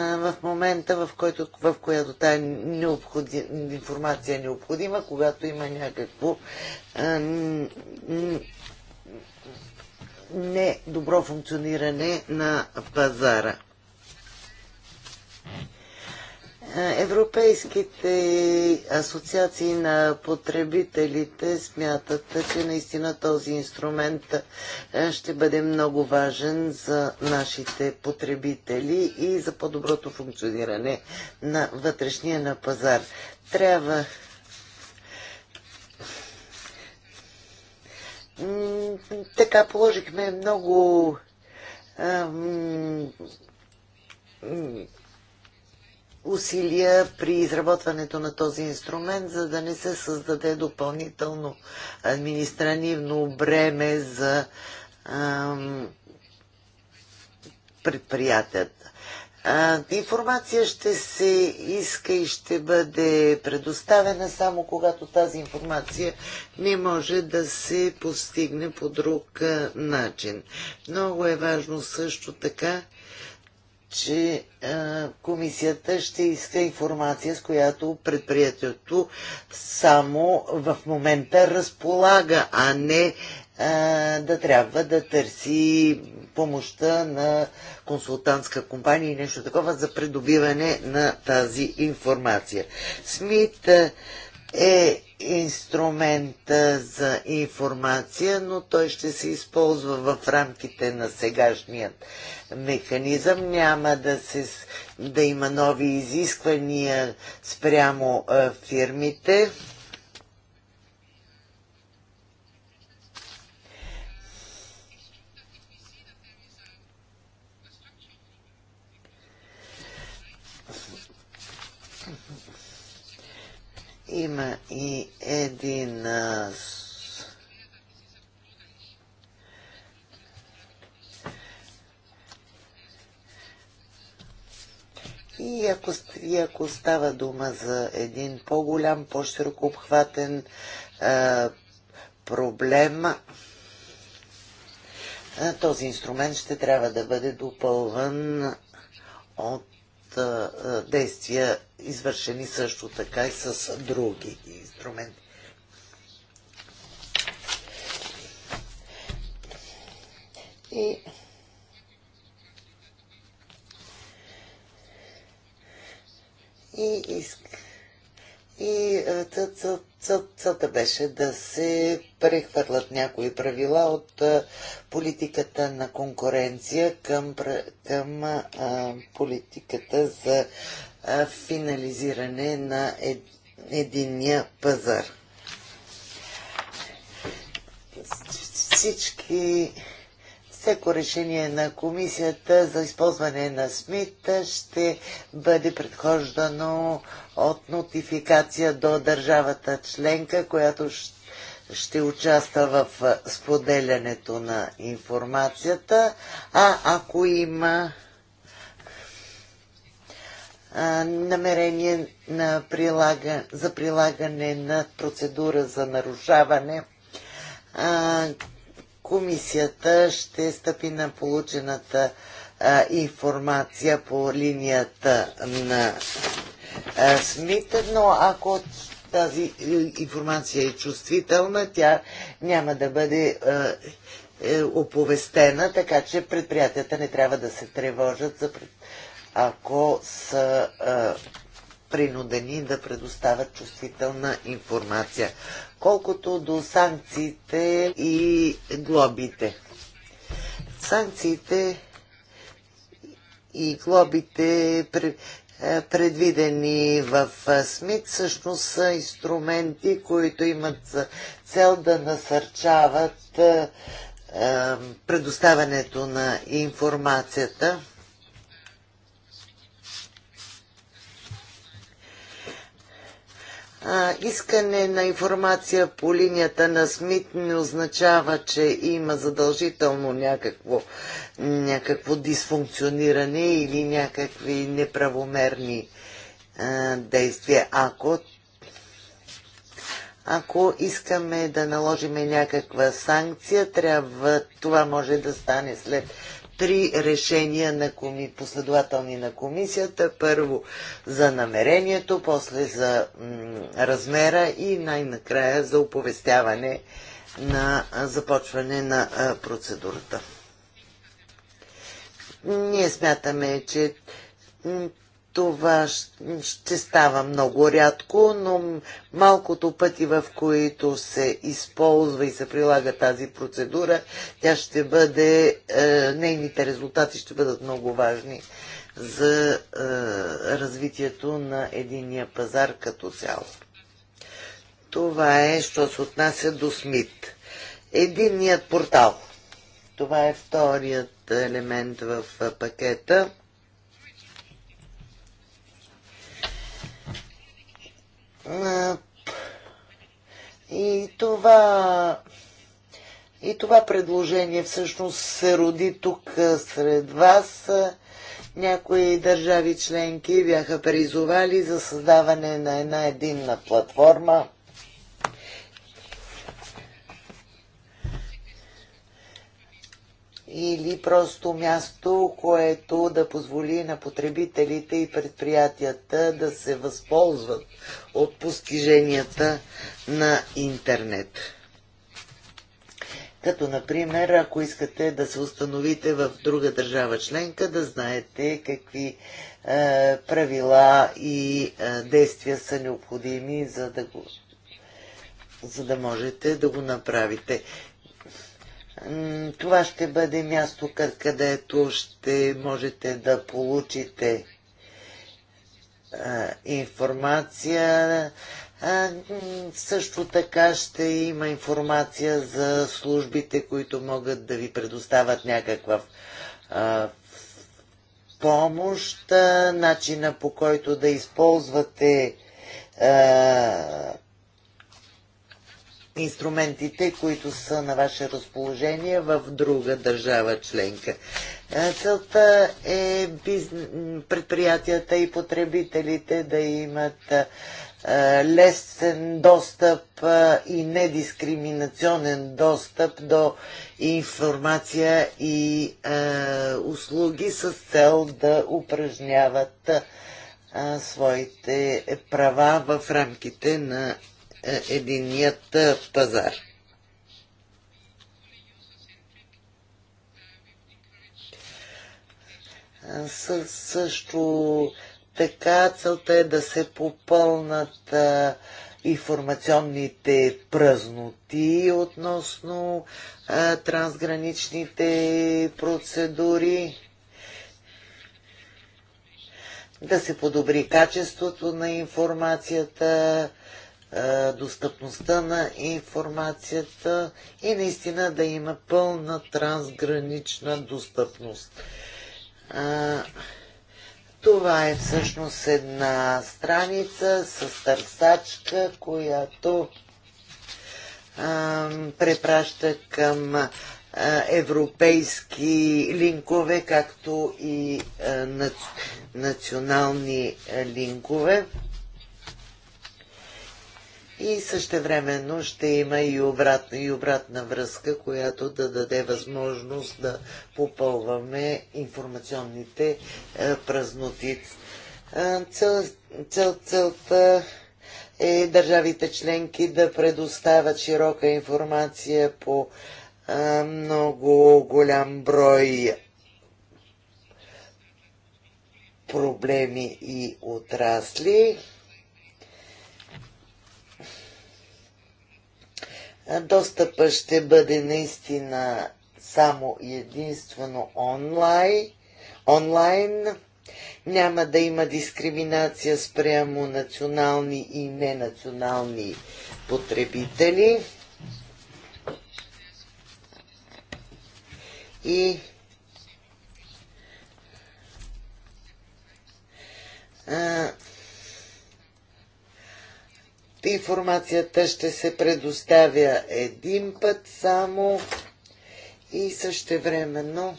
в момента, в, който, в която тази необходи, информация е необходима, когато има някакво а, функциониране на пазара. Европейските асоциации на потребителите смятат, че наистина този инструмент ще бъде много важен за нашите потребители и за по-доброто функциониране на вътрешния на пазар. Трябва така положихме много усилия при изработването на този инструмент, за да не се създаде допълнително административно бреме за ам, предприятията. А, информация ще се иска и ще бъде предоставена само когато тази информация не може да се постигне по друг начин. Много е важно също така че е, комисията ще иска информация, с която предприятието само в момента разполага, а не е, да трябва да търси помощта на консултантска компания и нещо такова за придобиване на тази информация. Смит е инструмента за информация, но той ще се използва в рамките на сегашният механизъм. Няма да, се, да има нови изисквания спрямо е, фирмите. става дума за един по-голям, по-широко обхватен а, е, проблем. А, е, този инструмент ще трябва да бъде допълван от а, е, действия, извършени също така и с други инструменти. И И, иск... и целта беше да се прехвърлят някои правила от политиката на конкуренция към, към а, политиката за а, финализиране на ед, единния пазар. Всички Всяко решение на комисията за използване на СМИТ ще бъде предхождано от нотификация до държавата членка, която ще участва в споделянето на информацията, а ако има намерение на прилага, за прилагане на процедура за нарушаване, комисията ще стъпи на получената а, информация по линията на а, СМИТ, но ако тази е, информация е чувствителна, тя няма да бъде а, е, оповестена, така че предприятията не трябва да се тревожат, за, ако са а, принудени да предоставят чувствителна информация. Колкото до санкциите и глобите. Санкциите и глобите е, предвидени в е, СМИТ, всъщност са инструменти, които имат цел да насърчават е, предоставянето на информацията искане на информация по линията на СМИТ не означава, че има задължително някакво, някакво дисфункциониране или някакви неправомерни а, действия. Ако, ако искаме да наложим някаква санкция, трябва, това може да стане след три решения на коми, последователни на комисията. Първо за намерението, после за размера и най-накрая за оповестяване на започване на процедурата. Ние смятаме, че това ще става много рядко, но малкото пъти, в които се използва и се прилага тази процедура, тя ще бъде, е, нейните резултати ще бъдат много важни за е, развитието на единия пазар като цяло. Това е, що се отнася до СМИТ. Единният портал. Това е вторият елемент в е, пакета Е, и това, и това предложение всъщност се роди тук е, сред вас. Някои държави членки бяха призовали за създаване на една единна платформа или просто място, което да позволи на потребителите и предприятията да се възползват от постиженията на интернет. Като, например, ако искате да се установите в друга държава членка, да знаете какви е, правила и е, действия са необходими, за да, го, за да можете да го направите това ще бъде място, където ще можете да получите информация. Също така ще има информация за службите, които могат да ви предоставят някаква помощ, начина по който да използвате инструментите, които са на ваше разположение в друга държава членка. Е, целта е предприятията и потребителите да имат е, лесен достъп е, и недискриминационен достъп до информация и услуги с цел да упражняват своите права в рамките на е, единият е, пазар. Също така целта е да се попълнат е, информационните празноти относно трансграничните процедури, да се подобри качеството на информацията, е, достъпността на информацията и наистина да има пълна трансгранична достъпност. Това е всъщност една страница с търсачка, която а, препраща към а, европейски линкове, както и а, национални линкове и същевременно ще има и обратна, и обратна връзка, която да даде възможност да попълваме информационните е, празноти. Е, цел, цел, целта е държавите членки да предоставят широка информация по е, много голям брой проблеми и отрасли. Достъпа ще бъде наистина само единствено онлайн. онлайн. Няма да има дискриминация спрямо национални и ненационални потребители. И а, информацията ще се предоставя един път само и същевременно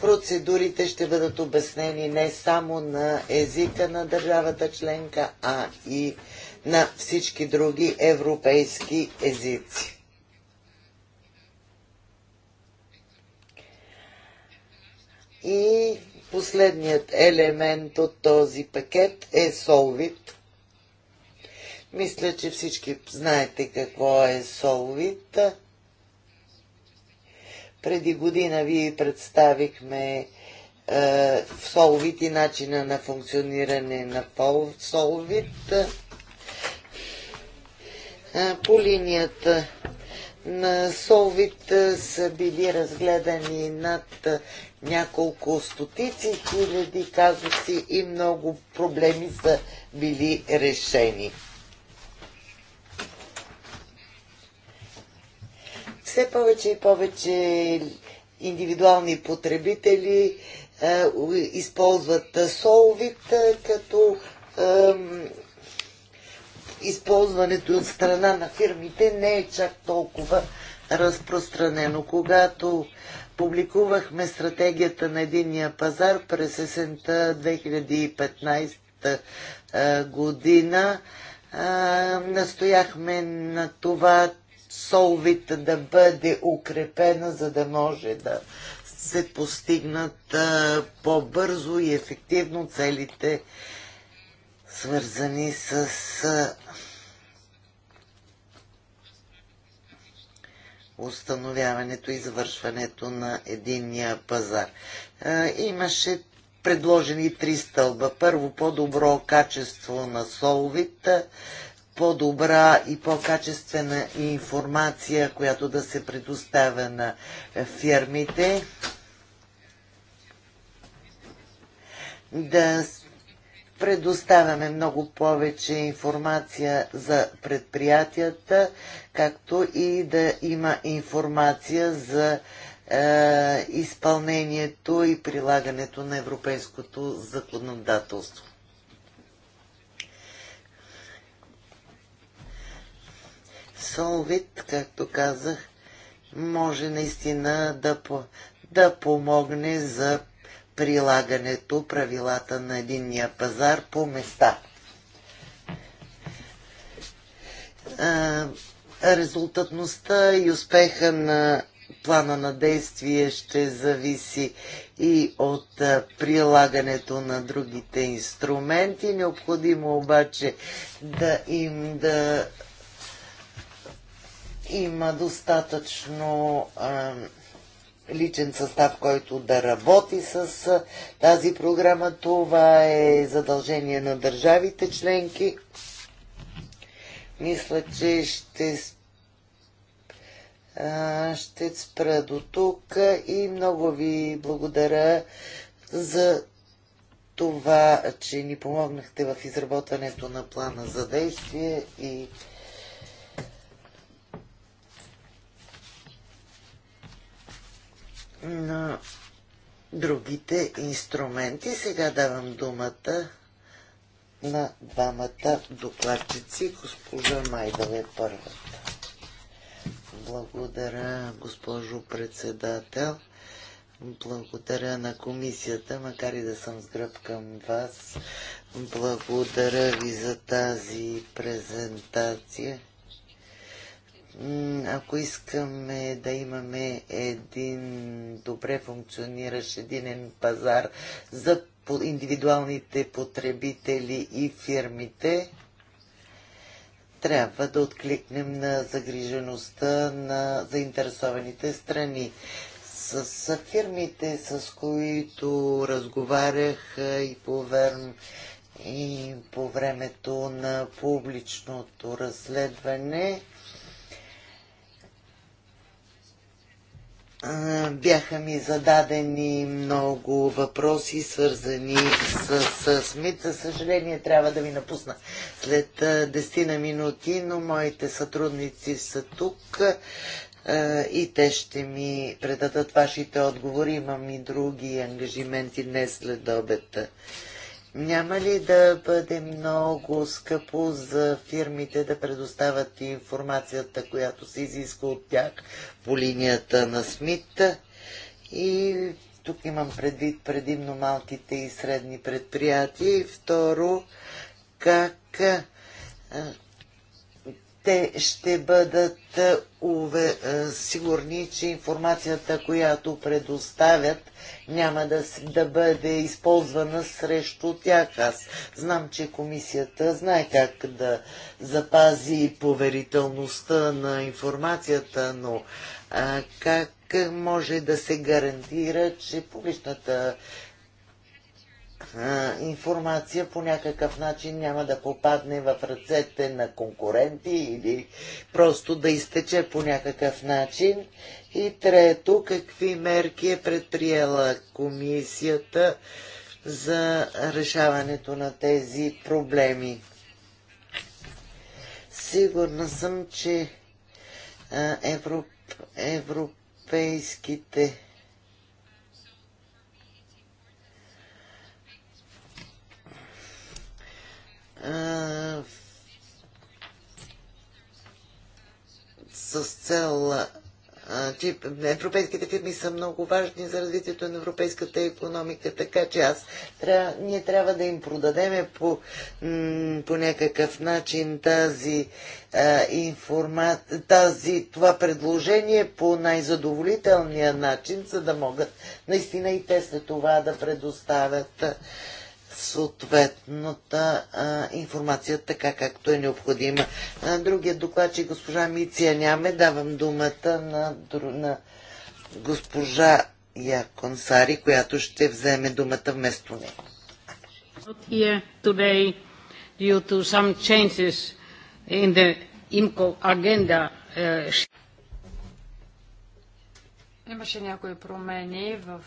процедурите ще бъдат обяснени не само на езика на държавата членка, а и на всички други европейски езици. И Последният елемент от този пакет е солвит. Мисля, че всички знаете какво е солвит. Преди година ви представихме е, солвит и начина на функциониране на пол солвит. Е, по линията на Солвит е, са били разгледани над няколко стотици хиляди казуси и много проблеми са били решени. Все повече и повече индивидуални потребители е, използват солвит е, като е, използването от страна на фирмите не е чак толкова разпространено. Когато Публикувахме стратегията на единния пазар през есента 2015 година. Настояхме на това Солвит да бъде укрепена, за да може да се постигнат по-бързо и ефективно целите, свързани с установяването и завършването на единния пазар. Имаше предложени три стълба. Първо, по-добро качество на соловита, по-добра и по-качествена информация, която да се предоставя на фирмите, да предоставяме много повече информация за предприятията, както и да има информация за е, изпълнението и прилагането на европейското законодателство. Солвит, както казах, може наистина да, да помогне за прилагането правилата на единния пазар по места. Резултатността и успеха на плана на действие ще зависи и от прилагането на другите инструменти. Необходимо обаче да им да има достатъчно а, личен състав, който да работи с тази програма. Това е задължение на държавите членки. Мисля, че ще, ще спра до тук и много ви благодаря за това, че ни помогнахте в изработването на плана за действие и на другите инструменти. Сега давам думата на двамата докладчици. Госпожа Майдал е първата. Благодаря, госпожо председател. Благодаря на комисията, макар и да съм с гръб към вас. Благодаря ви за тази презентация ако искаме да имаме един добре функциониращ единен пазар за индивидуалните потребители и фирмите, трябва да откликнем на загрижеността на заинтересованите страни. С, фирмите, с които разговарях и по, и по времето на публичното разследване, бяха ми зададени много въпроси, свързани с, с СМИТ. За съжаление, трябва да ви напусна след 10 на минути, но моите сътрудници са тук и те ще ми предадат вашите отговори. Имам и други ангажименти днес след обед. Няма ли да бъде много скъпо за фирмите да предоставят информацията, която се изисква от тях по линията на СМИТ? И тук имам предвид предимно малките и средни предприятия. И второ, как те ще бъдат е, уве, е, сигурни, че информацията, която предоставят, няма да, да бъде използвана срещу тях. Аз знам, че комисията знае как да запази поверителността на информацията, но а, как може да се гарантира, че публичната информация по някакъв начин няма да попадне в ръцете на конкуренти или просто да изтече по някакъв начин. И трето, какви мерки е предприела комисията за решаването на тези проблеми. Сигурна съм, че а, европ, европейските с цел че европейските фирми са много важни за развитието на европейската економика, така че аз трябва, ние трябва да им продадеме по, по някакъв начин тази а, информа, тази, това предложение по най-задоволителния начин, за да могат наистина и те след това да предоставят съответната а, информация така, както е необходима. А, другия доклад, че госпожа Миция Няме, давам думата на, на госпожа Яконсари, която ще вземе думата вместо нея. Uh, Имаше някои промени в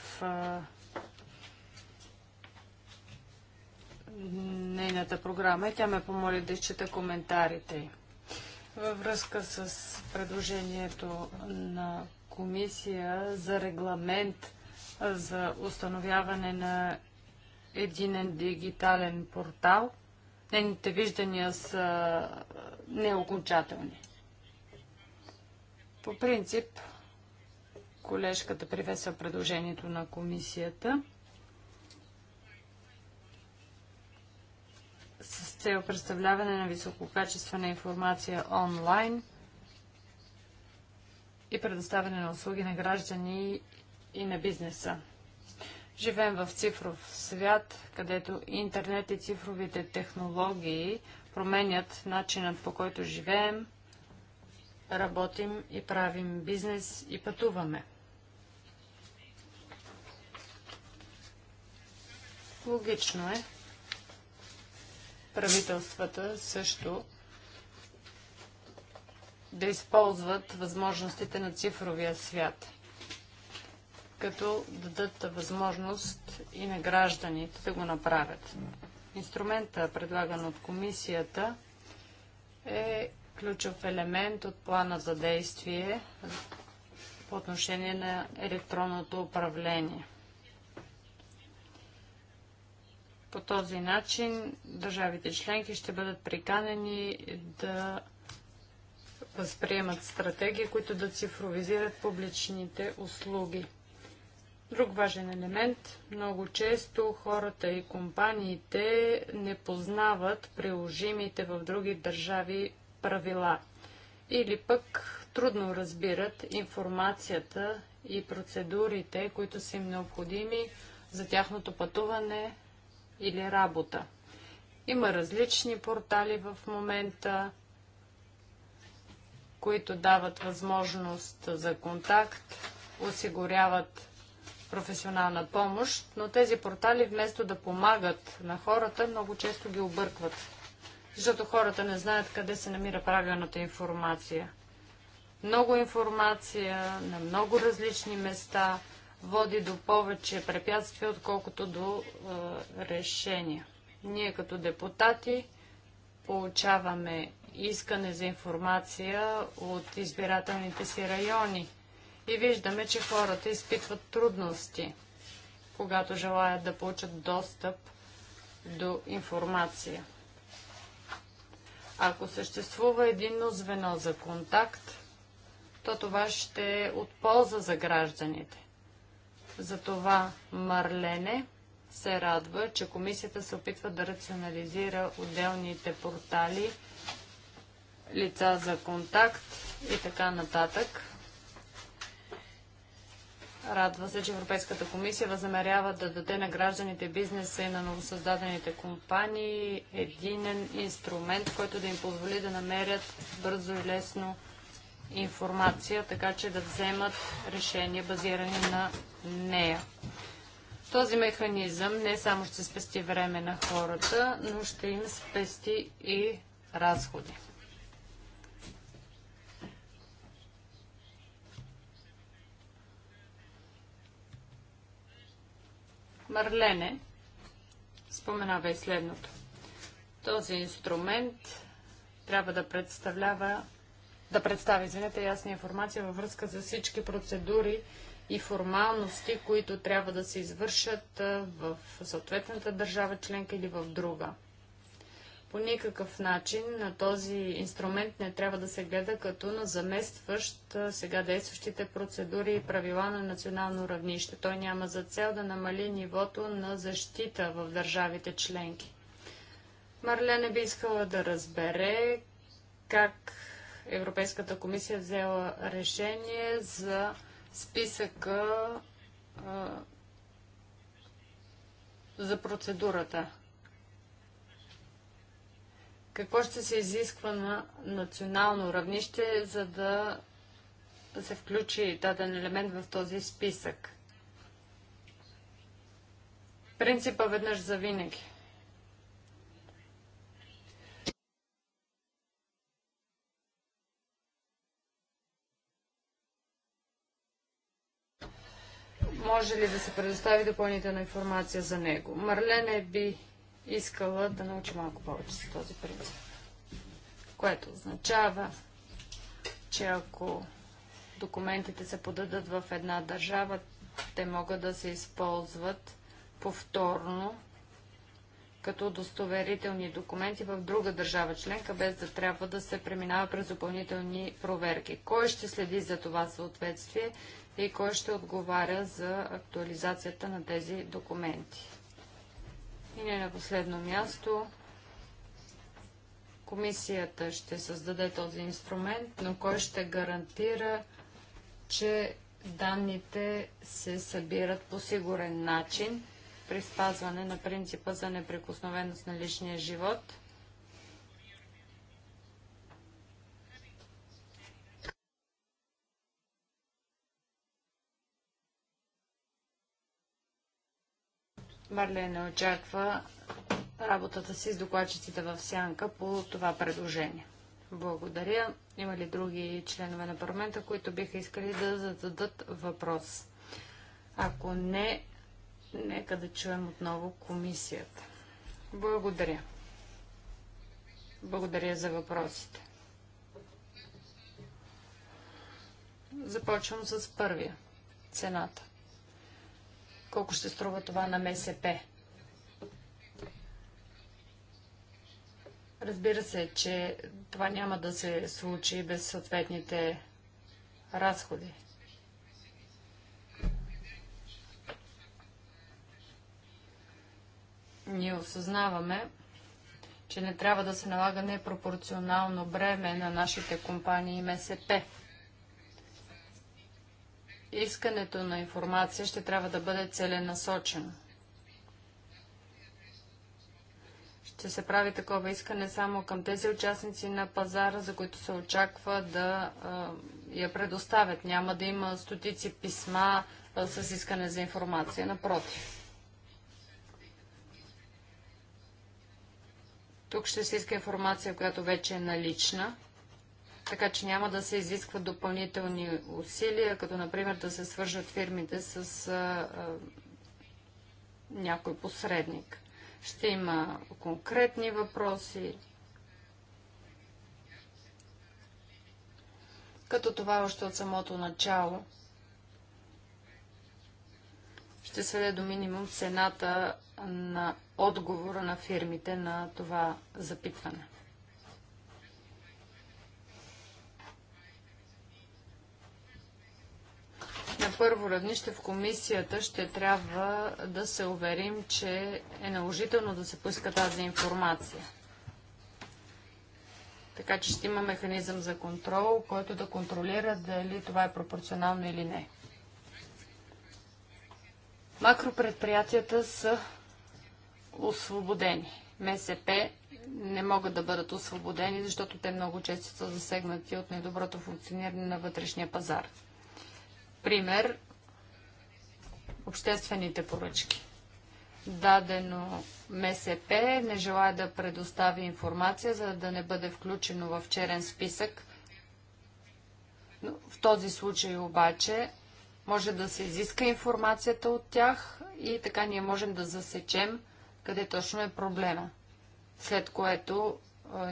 нейната програма и тя ме помоли да изчета коментарите й. Във връзка с предложението на комисия за регламент за установяване на единен дигитален портал, нейните виждания са неокончателни. По принцип, колежката привесва предложението на комисията – с цел представляване на висококачествена информация онлайн и предоставяне на услуги на граждани и на бизнеса. Живеем в цифров свят, където интернет и цифровите технологии променят начинът по който живеем, работим и правим бизнес и пътуваме. Логично е правителствата също да използват възможностите на цифровия свят, като дадат възможност и на гражданите да го направят. Инструмента, предлаган от комисията, е ключов елемент от плана за действие по отношение на електронното управление – По този начин държавите членки ще бъдат приканени да възприемат стратегии, които да цифровизират публичните услуги. Друг важен елемент. Много често хората и компаниите не познават приложимите в други държави правила или пък трудно разбират информацията и процедурите, които са им необходими за тяхното пътуване или работа. Има различни портали в момента, които дават възможност за контакт, осигуряват професионална помощ, но тези портали вместо да помагат на хората, много често ги объркват, защото хората не знаят къде се намира правилната информация. Много информация на много различни места – води до повече препятствия, отколкото до е, решения. Ние като депутати получаваме искане за информация от избирателните си райони и виждаме, че хората изпитват трудности, когато желаят да получат достъп до информация. Ако съществува единно звено за контакт, то това ще е от полза за гражданите. Затова Марлене се радва, че комисията се опитва да рационализира отделните портали, лица за контакт и така нататък. Радва се, че Европейската комисия възнамерява да даде на гражданите бизнеса и на новосъздадените компании единен инструмент, който да им позволи да намерят бързо и лесно информация, така че да вземат решения базирани на нея. Този механизъм не само ще спести време на хората, но ще им спести и разходи. Марлене споменава и следното. Този инструмент трябва да представлява да представи, извинете, ясна информация във връзка за всички процедури и формалности, които трябва да се извършат в съответната държава членка или в друга. По никакъв начин на този инструмент не трябва да се гледа като на заместващ сега действащите процедури и правила на национално равнище. Той няма за цел да намали нивото на защита в държавите членки. Марлене би искала да разбере как Европейската комисия взела решение за списъка за процедурата. Какво ще се изисква на национално равнище, за да се включи даден елемент в този списък? Принципа веднъж за винаги – може ли да се предостави допълнителна информация за него? Марлене би искала да научи малко повече за този принцип. Което означава, че ако документите се подадат в една държава, те могат да се използват повторно като удостоверителни документи в друга държава членка, без да трябва да се преминава през допълнителни проверки. Кой ще следи за това съответствие и кой ще отговаря за актуализацията на тези документи? И не на последно място, комисията ще създаде този инструмент, но кой ще гарантира, че данните се събират по сигурен начин – при спазване на принципа за неприкосновеност на личния живот. Марлен не очаква работата си с докладчиците в сянка по това предложение. Благодаря. Има ли други членове на парламента, които биха искали да зададат въпрос? Ако не, Нека да чуем отново комисията. Благодаря. Благодаря за въпросите. Започвам с първия. Цената. Колко ще струва това на МСП? Разбира се, че това няма да се случи без съответните разходи. Ние осъзнаваме, че не трябва да се налага непропорционално бреме на нашите компании МСП. Искането на информация ще трябва да бъде целенасочено. Ще се прави такова искане само към тези участници на пазара, за които се очаква да а, я предоставят. Няма да има стотици писма а, с искане за информация. Напротив. Тук ще се иска информация, която вече е налична, така че няма да се изискват допълнителни усилия, като например да се свържат фирмите с а, а, някой посредник. Ще има конкретни въпроси. Като това е още от самото начало ще сведе до минимум цената на отговора на фирмите на това запитване. На първо равнище в комисията ще трябва да се уверим, че е наложително да се поиска тази информация. Така че ще има механизъм за контрол, който да контролира дали това е пропорционално или не. Макропредприятията са освободени. МСП не могат да бъдат освободени, защото те много често са засегнати от недоброто функциониране на вътрешния пазар. Пример обществените поръчки. Дадено МСП не желая да предостави информация, за да не бъде включено в черен списък. Но в този случай обаче може да се изиска информацията от тях и така ние можем да засечем къде точно е проблема. След което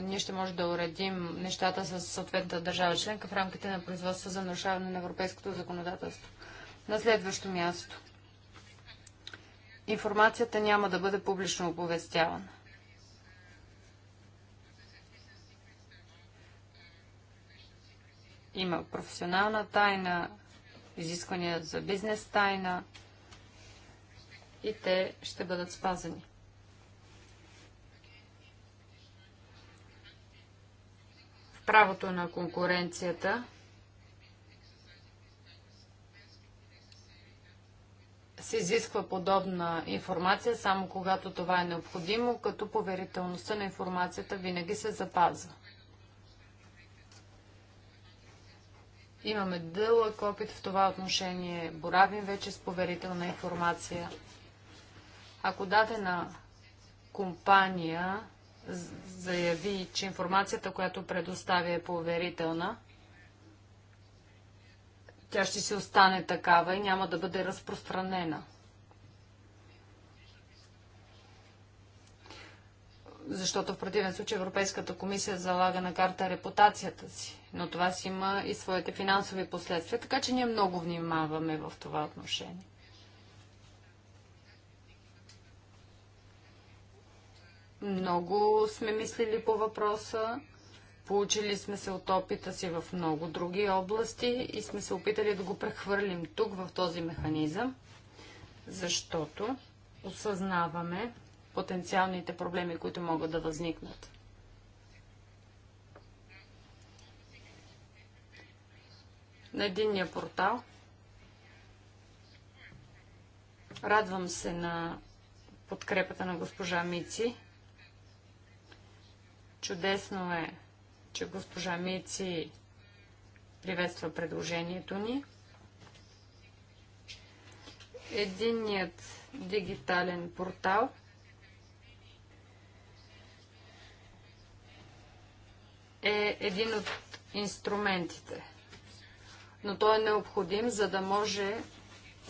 ние ще може да уредим нещата с съответната държава членка в рамките на производство за нарушаване на европейското законодателство. На следващо място. Информацията няма да бъде публично оповестявана. Има професионална тайна, изисквания за бизнес тайна и те ще бъдат спазени. правото на конкуренцията се изисква подобна информация само когато това е необходимо, като поверителността на информацията винаги се запазва. Имаме дълъг опит в това отношение. Боравим вече с поверителна информация. Ако дадена компания заяви, че информацията, която предоставя е поверителна, тя ще се остане такава и няма да бъде разпространена. Защото в противен случай Европейската комисия залага на карта репутацията си. Но това си има и своите финансови последствия, така че ние много внимаваме в това отношение. Много сме мислили по въпроса. Получили сме се от опита си в много други области и сме се опитали да го прехвърлим тук, в този механизъм, защото осъзнаваме потенциалните проблеми, които могат да възникнат. На единния портал радвам се на подкрепата на госпожа Мици Чудесно е, че госпожа Мици приветства предложението ни. Единният дигитален портал е един от инструментите, но той е необходим, за да може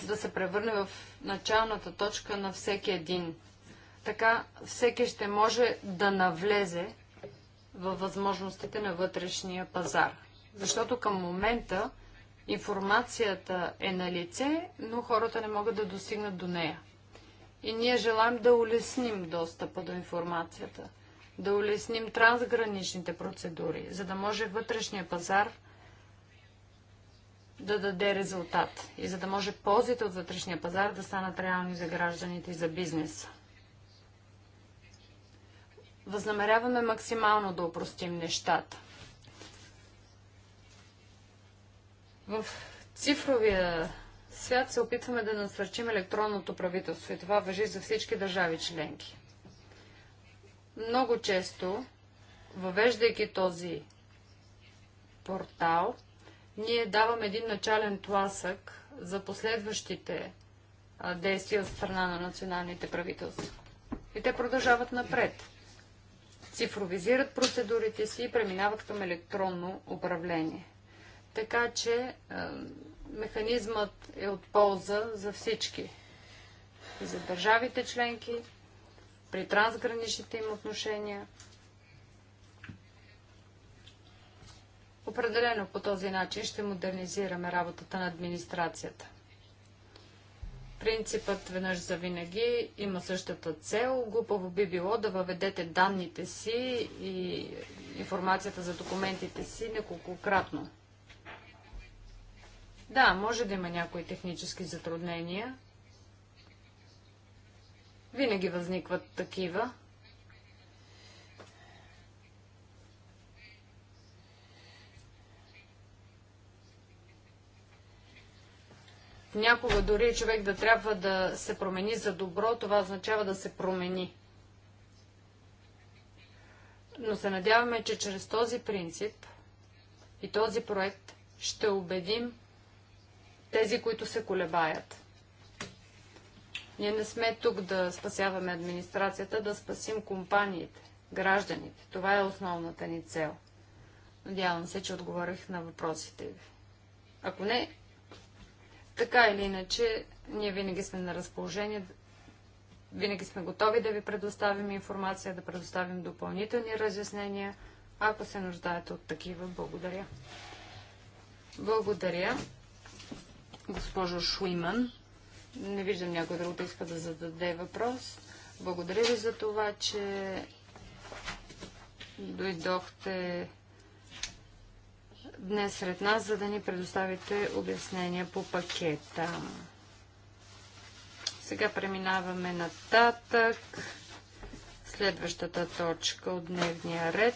да се превърне в началната точка на всеки един. Така всеки ще може да навлезе във възможностите на вътрешния пазар. Защото към момента информацията е на лице, но хората не могат да достигнат до нея. И ние желаем да улесним достъпа до информацията, да улесним трансграничните процедури, за да може вътрешния пазар да даде резултат и за да може ползите от вътрешния пазар да станат реални за гражданите и за бизнеса. Възнамеряваме максимално да упростим нещата. В цифровия свят се опитваме да насърчим електронното правителство и това въжи за всички държави членки. Много често, въвеждайки този портал, ние даваме един начален тласък за последващите действия от страна на националните правителства. И те продължават напред цифровизират процедурите си и преминават към електронно управление. Така че е, механизмът е от полза за всички. И за държавите членки, при трансграничните им отношения. Определено по този начин ще модернизираме работата на администрацията. Принципът веднъж за винаги има същата цел. Глупаво би било да въведете данните си и информацията за документите си неколкократно. Да, може да има някои технически затруднения. Винаги възникват такива. Някога дори човек да трябва да се промени за добро, това означава да се промени. Но се надяваме, че чрез този принцип и този проект ще убедим тези, които се колебаят. Ние не сме тук да спасяваме администрацията, да спасим компаниите, гражданите. Това е основната ни цел. Надявам се, че отговорих на въпросите ви. Ако не, така или иначе, ние винаги сме на разположение, винаги сме готови да ви предоставим информация, да предоставим допълнителни разяснения, ако се нуждаете от такива. Благодаря. Благодаря, госпожо Шуиман. Не виждам някой друг да иска да зададе въпрос. Благодаря ви за това, че дойдохте днес сред нас, за да ни предоставите обяснения по пакета. Сега преминаваме нататък. Следващата точка от дневния ред,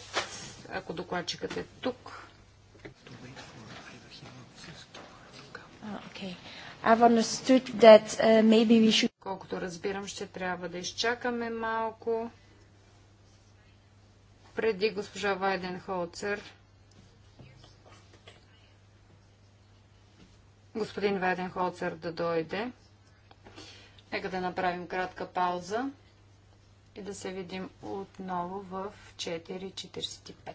ако докладчикът е тук. Ah, uh, Колкото разбирам, ще трябва да изчакаме малко преди госпожа Вайден Холцер господин Веденхолцер да дойде. Нека да направим кратка пауза и да се видим отново в 4.45.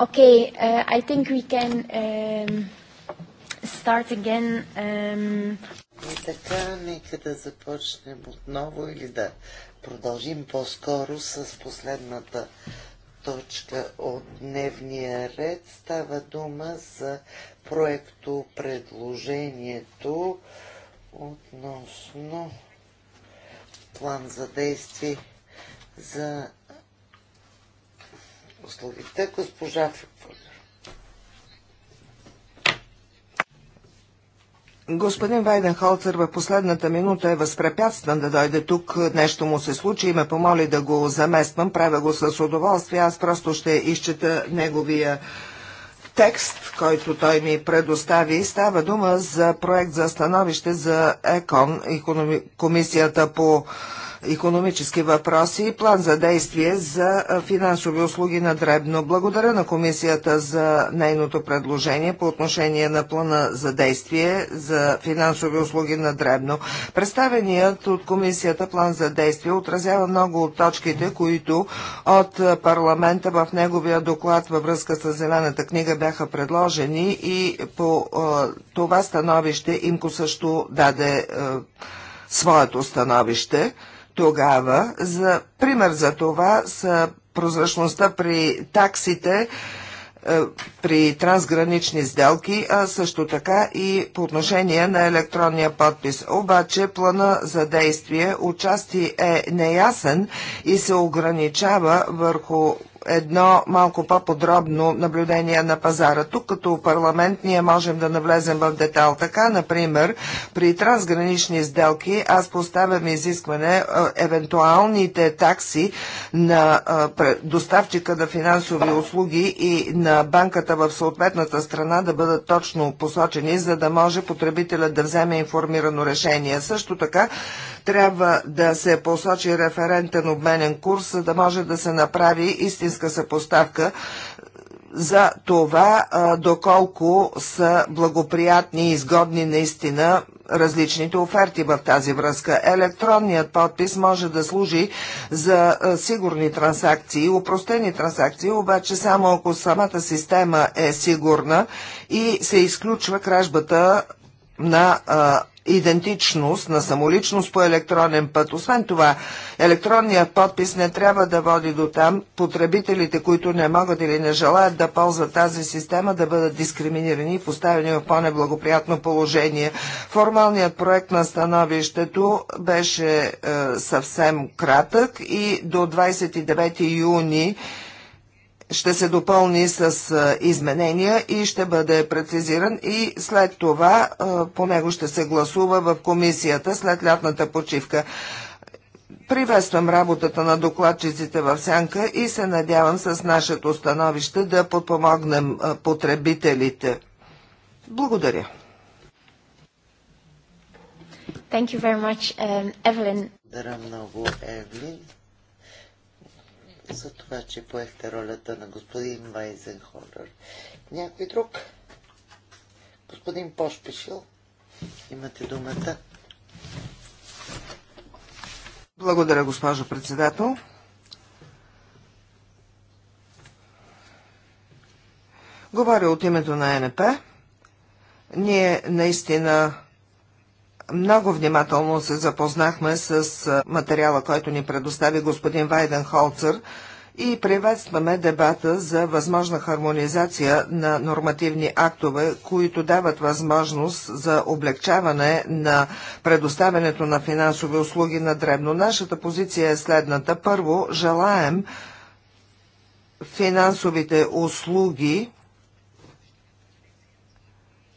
Okay, uh, I think we can um, start again. Um... И така, нека да започнем отново или да продължим по-скоро с последната точка от дневния ред. Става дума за проекто предложението относно план за действие за услугите. Госпожа Фюкфолер. Господин Вайденхолцер в последната минута е възпрепятстван да дойде тук. Нещо му се случи и ме помоли да го замествам. Правя го с удоволствие. Аз просто ще изчета неговия текст, който той ми предостави. Става дума за проект за становище за ЕКОН, Комисията по економически въпроси и план за действие за финансови услуги на Дребно. Благодаря на комисията за нейното предложение по отношение на плана за действие за финансови услуги на Дребно. Представеният от комисията план за действие отразява много от точките, които от парламента в неговия доклад във връзка с Зелената книга бяха предложени и по това становище Имко също даде своето становище тогава. За пример за това са прозрачността при таксите, е, при трансгранични сделки, а също така и по отношение на електронния подпис. Обаче плана за действие отчасти е неясен и се ограничава върху едно малко по-подробно наблюдение на пазара. Тук като парламент ние можем да навлезем в детал. Така, например, при трансгранични сделки аз поставям изискване е, евентуалните такси на е, доставчика на финансови услуги и на банката в съответната страна да бъдат точно посочени, за да може потребителят да вземе информирано решение. Също така трябва да се посочи референтен обменен курс, за да може да се направи истински истинска съпоставка за това доколко са благоприятни и изгодни наистина различните оферти в тази връзка. Електронният подпис може да служи за сигурни транзакции, упростени транзакции, обаче само ако самата система е сигурна и се изключва кражбата на а, идентичност, на самоличност по електронен път. Освен това, електронният подпис не трябва да води до там потребителите, които не могат или не желаят да ползват тази система, да бъдат дискриминирани и поставени в по-неблагоприятно положение. Формалният проект на становището беше е, съвсем кратък и до 29 юни ще се допълни с изменения и ще бъде прецизиран и след това по него ще се гласува в комисията след лятната почивка. Приветствам работата на докладчиците в Сянка и се надявам с нашето становище да подпомогнем потребителите. Благодаря. Thank you very much, um, Evelyn. Благодаря много, Евлин за това, че поехте ролята на господин Вайзенхолер. Някой друг? Господин Пошпешил, имате думата. Благодаря, госпожо председател. Говоря от името на НП. Ние наистина много внимателно се запознахме с материала, който ни предостави господин Вайден Холцер и приветстваме дебата за възможна хармонизация на нормативни актове, които дават възможност за облегчаване на предоставянето на финансови услуги на дребно. Нашата позиция е следната. Първо, желаем финансовите услуги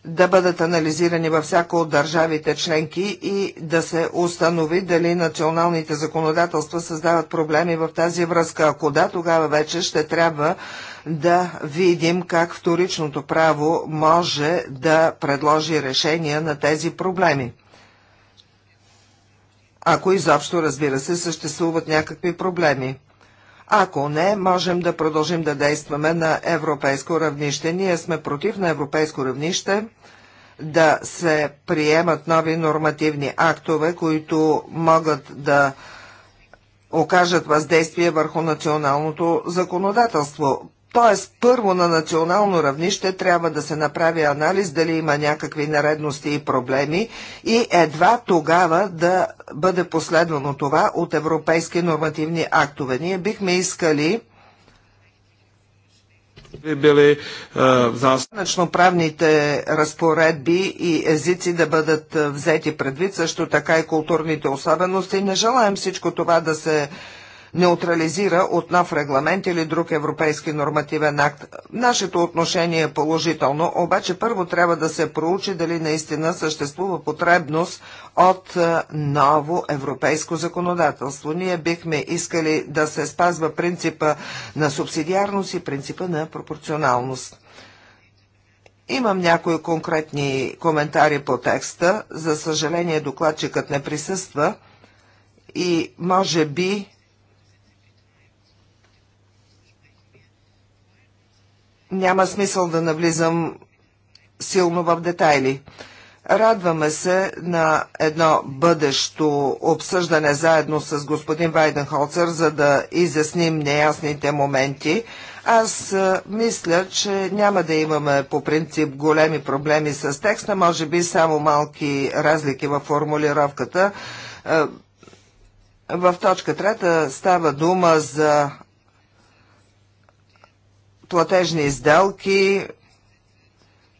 да бъдат анализирани във всяко от държавите членки и да се установи дали националните законодателства създават проблеми в тази връзка. Ако да, тогава вече ще трябва да видим как вторичното право може да предложи решения на тези проблеми. Ако изобщо, разбира се, съществуват някакви проблеми. Ако не, можем да продължим да действаме на европейско равнище. Ние сме против на европейско равнище да се приемат нови нормативни актове, които могат да окажат въздействие върху националното законодателство. Тоест, първо на национално равнище трябва да се направи анализ дали има някакви наредности и проблеми и едва тогава да бъде последвано това от европейски нормативни актове. Ние бихме искали били eh, правните разпоредби и езици да бъдат е, взети предвид, също така и културните особености. Не желаем всичко това да се неутрализира от нов регламент или друг европейски нормативен акт. Нашето отношение е положително, обаче първо трябва да се проучи дали наистина съществува потребност от е, ново европейско законодателство. Ние бихме искали да се спазва принципа на субсидиарност и принципа на пропорционалност. Имам някои конкретни коментари по текста. За съжаление докладчикът не присъства и може би Няма смисъл да навлизам силно в детайли. Радваме се на едно бъдещо обсъждане заедно с господин Вайденхолцер, за да изясним неясните моменти. Аз мисля, че няма да имаме по принцип големи проблеми с текста, може би само малки разлики във формулировката. В точка трета става дума за платежни сделки,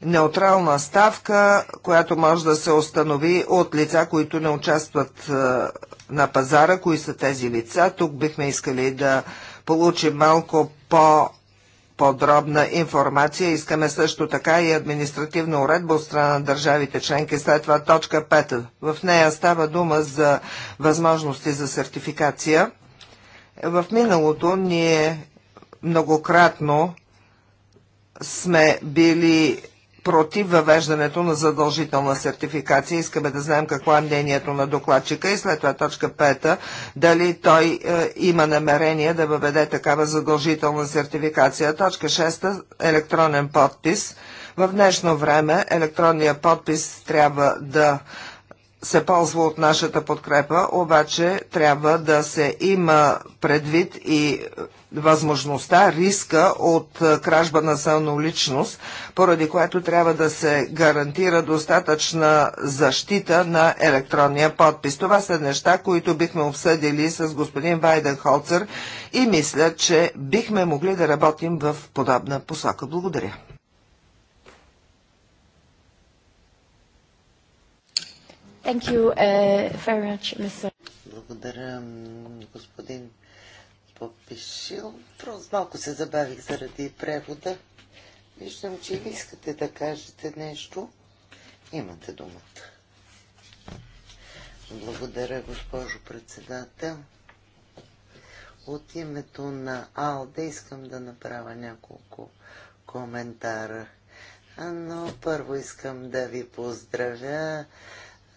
неутрална ставка, която може да се установи от лица, които не участват е, на пазара, кои са тези лица. Тук бихме искали да получим малко по- подробна информация. Искаме също така и административна уредба от страна на държавите членки. След това точка 5. В нея става дума за възможности за сертификация. В миналото ние многократно сме били против въвеждането на задължителна сертификация. Искаме да знаем какво е мнението на докладчика и след това точка 5, дали той е, има намерение да въведе такава задължителна сертификация. Точка 6, електронен подпис. В днешно време електронния подпис трябва да е, се ползва от нашата подкрепа, обаче трябва да се има предвид и възможността, риска от е, кражба на самоличност, поради което трябва да се гарантира достатъчна защита на електронния подпис. Това са неща, които бихме обсъдили с господин Вайден Холцер и мисля, че бихме могли да работим в подобна посока. Благодаря. Thank you uh, very much, Mr. Благодаря, господин Попишил. Просто малко се забавих заради превода. Виждам, че ви искате да кажете нещо. Имате думата. Благодаря, госпожо председател. От името на АЛДЕ искам да направя няколко коментара. Но първо искам да ви поздравя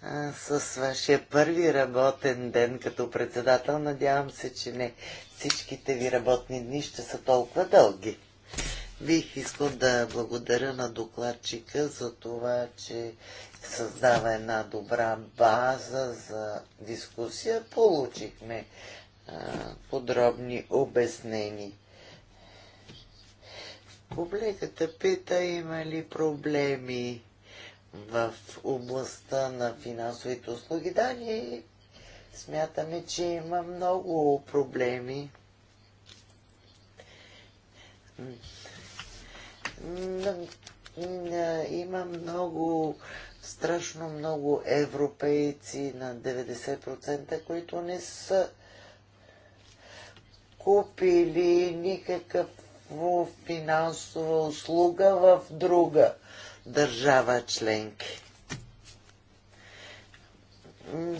а, с вашия първи работен ден като председател. Надявам се, че не всичките ви работни дни ще са толкова дълги. Бих искал да благодаря на докладчика за това, че създава една добра база за дискусия. Получихме а, подробни обяснения. Публиката пита има ли проблеми в областта на финансовите услуги. Да, ние смятаме, че има много проблеми. Има много, страшно много европейци на 90%, които не са купили никакъв финансова услуга в друга държава членки.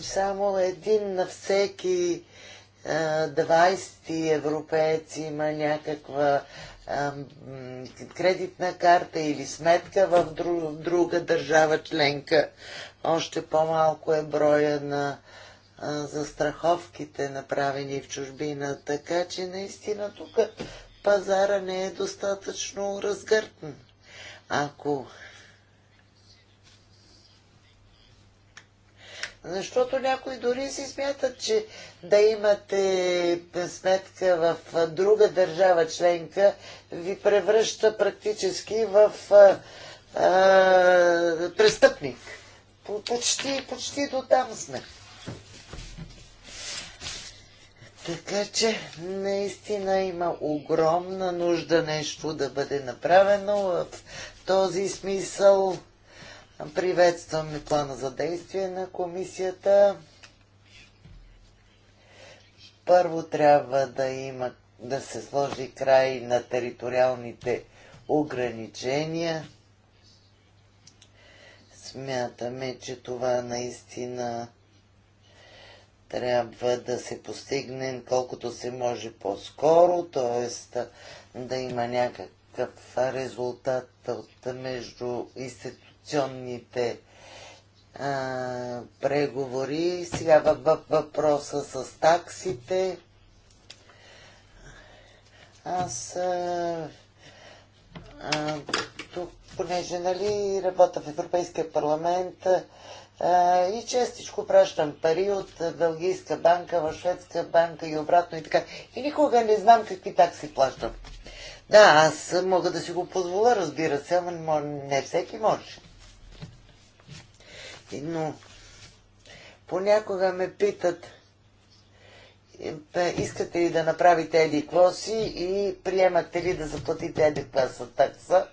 Само един на всеки 20 европеец има някаква кредитна карта или сметка в друга държава членка. Още по-малко е броя на застраховките, направени в чужбина. Така че наистина тук пазара не е достатъчно разгъртен. Ако Защото някои дори си смятат, че да имате сметка в друга държава членка ви превръща практически в а, а, престъпник. Почти, почти до там сме. Така че наистина има огромна нужда нещо да бъде направено в този смисъл Приветстваме плана за действие на комисията. Първо трябва да има да се сложи край на териториалните ограничения. Смятаме, че това наистина трябва да се постигне колкото се може по-скоро, т.е. да има някакъв резултат от между институт коалиционните а, преговори. Сега въпроса с таксите. Аз а, а, тук, понеже нали, работя в Европейския парламент а, и честичко пращам пари от Белгийска банка в Шведска банка и обратно и така. И никога не знам какви такси плащам. Да, аз мога да си го позволя, разбира се, но не всеки може области, но понякога ме питат «Е, искате ли да направите еди квоси и приемате ли да заплатите еди класа такса.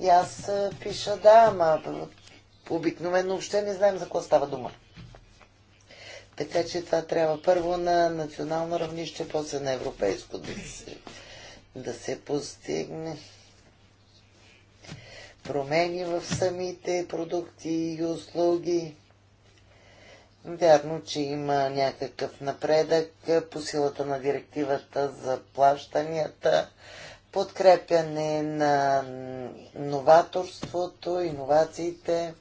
И аз е, пиша да, ама обикновено въобще не знаем за какво става дума. Така че това трябва първо на национално равнище, после на европейско да се, да се постигне промени в самите продукти и услуги. Вярно, че има някакъв напредък по силата на директивата за плащанията, подкрепяне на новаторството, иновациите.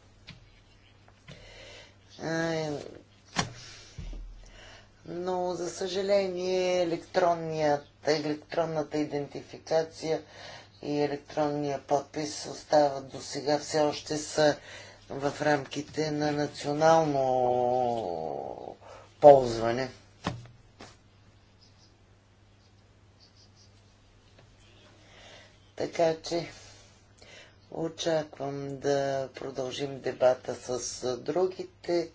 Но, за съжаление, електронната идентификация и електронния подпис остават до сега все още са в рамките на национално ползване. Така че очаквам да продължим дебата с другите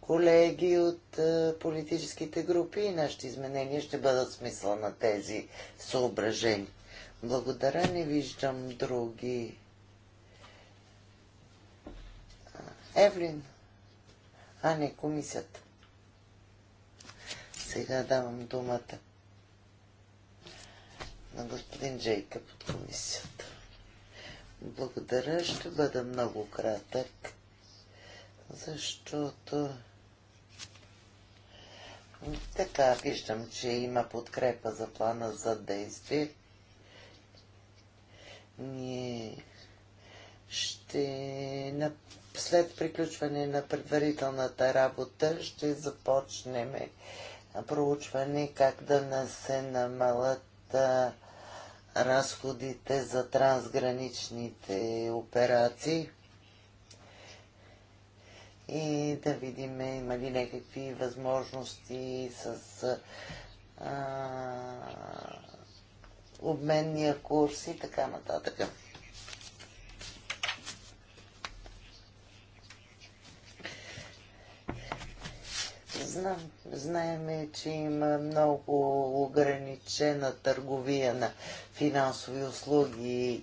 колеги от политическите групи и нашите изменения ще бъдат смисъл на тези съображения. Благодаря, не виждам други. Евлин. А, не, комисията. Сега давам думата на господин Джейкъб от комисията. Благодаря, ще бъда много кратък, защото така виждам, че има подкрепа за плана за действие ние ще на, след приключване на предварителната работа ще започнем проучване как да не се намалят а, разходите за трансграничните операции и да видим има ли някакви възможности с а, обменния курс и така нататък. Знам, знаеме, че има много ограничена търговия на финансови услуги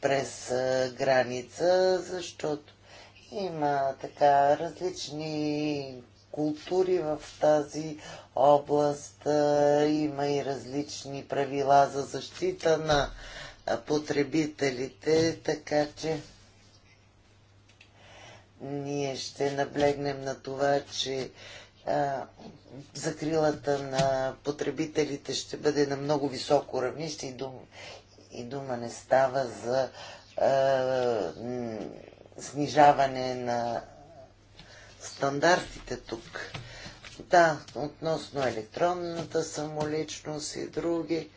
през граница, защото има така различни култури в тази област. Има и различни правила за защита на потребителите, така че ние ще наблегнем на това, че а, закрилата на потребителите ще бъде на много високо равнище и дума, и дума не става за а, снижаване на стандартите тук. Да, относно електронната самоличност и други.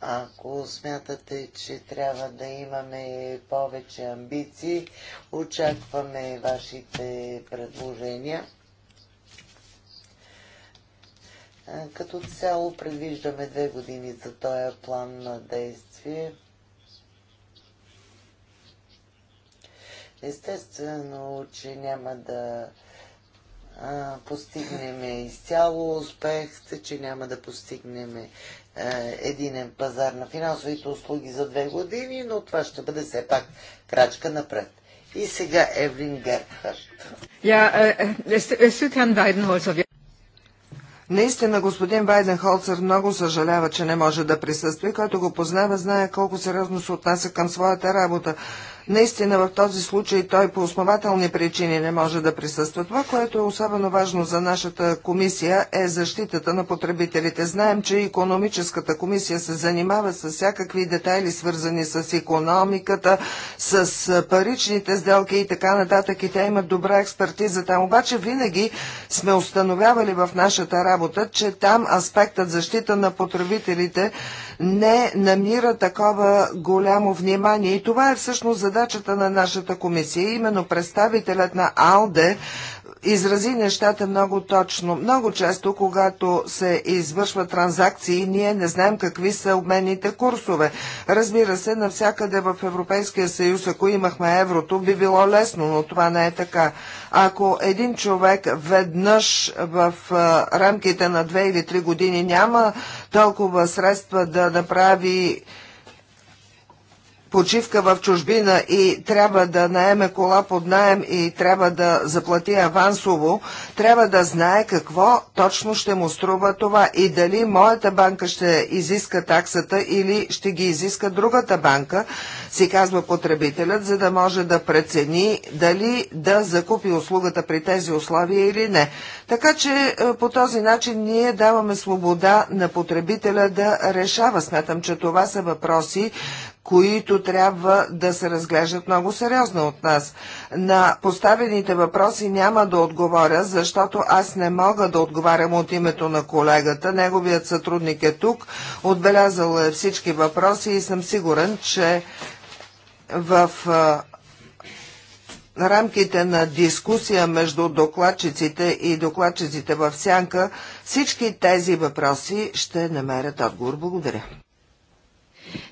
Ако смятате, че трябва да имаме повече амбиции, очакваме вашите предложения. Като цяло предвиждаме две години за този план на действие. Естествено, че няма да а, постигнем изцяло успех, че няма да постигнем единен пазар на финансовите услуги за две години, но това ще бъде все пак крачка напред. И сега Евлин Герхард. Yeah, Наистина господин Байден Холцер много съжалява, че не може да присъства и който го познава, знае колко сериозно се отнася към своята работа. Наистина в този случай той по основателни причини не може да присъства. Това, което е особено важно за нашата комисия е защитата на потребителите. Знаем, че економическата комисия се занимава с всякакви детайли, свързани с економиката, с паричните сделки и така нататък. И те имат добра експертиза там. Обаче винаги сме установявали в нашата работа, че там аспектът защита на потребителите не намира такова голямо внимание. И това е всъщност за задачата на нашата комисия. Именно представителят на АЛДЕ изрази нещата много точно. Много често, когато се извършва транзакции, ние не знаем какви са обменните курсове. Разбира се, навсякъде в Европейския съюз, ако имахме еврото, би било лесно, но това не е така. Ако един човек веднъж в рамките на две или три години няма толкова средства да направи да почивка в чужбина и трябва да наеме кола под найем и трябва да заплати авансово, трябва да знае какво точно ще му струва това и дали моята банка ще изиска таксата или ще ги изиска другата банка, си казва потребителят, за да може да прецени дали да закупи услугата при тези условия или не. Така че е, по този начин ние даваме свобода на потребителя да решава. Смятам, че това са въпроси, които трябва да се разглеждат много сериозно от нас. На поставените въпроси няма да отговоря, защото аз не мога да отговарям от името на колегата. Неговият сътрудник е тук, отбелязал е всички въпроси и съм сигурен, че в рамките на дискусия между докладчиците и докладчиците в Сянка, всички тези въпроси ще намерят отговор. Благодаря.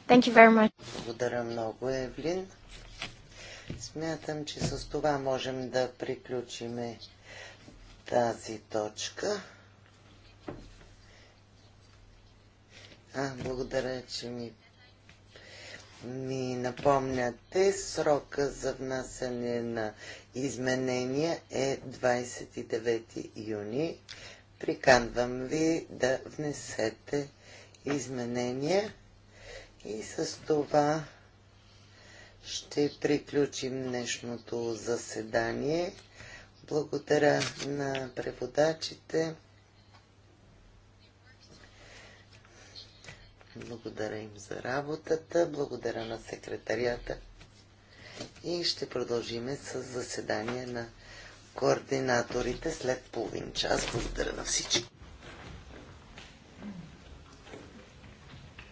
Thank you very much. Благодаря много, Евлин. Смятам, че с това можем да приключим тази точка. А, благодаря, че ми, ми напомняте. Срока за внасяне на изменения е 29 юни. Приканвам ви да внесете изменения. И с това ще приключим днешното заседание. Благодаря на преводачите. Благодаря им за работата. Благодаря на секретарията. И ще продължиме с заседание на координаторите след половин час. Благодаря на всички.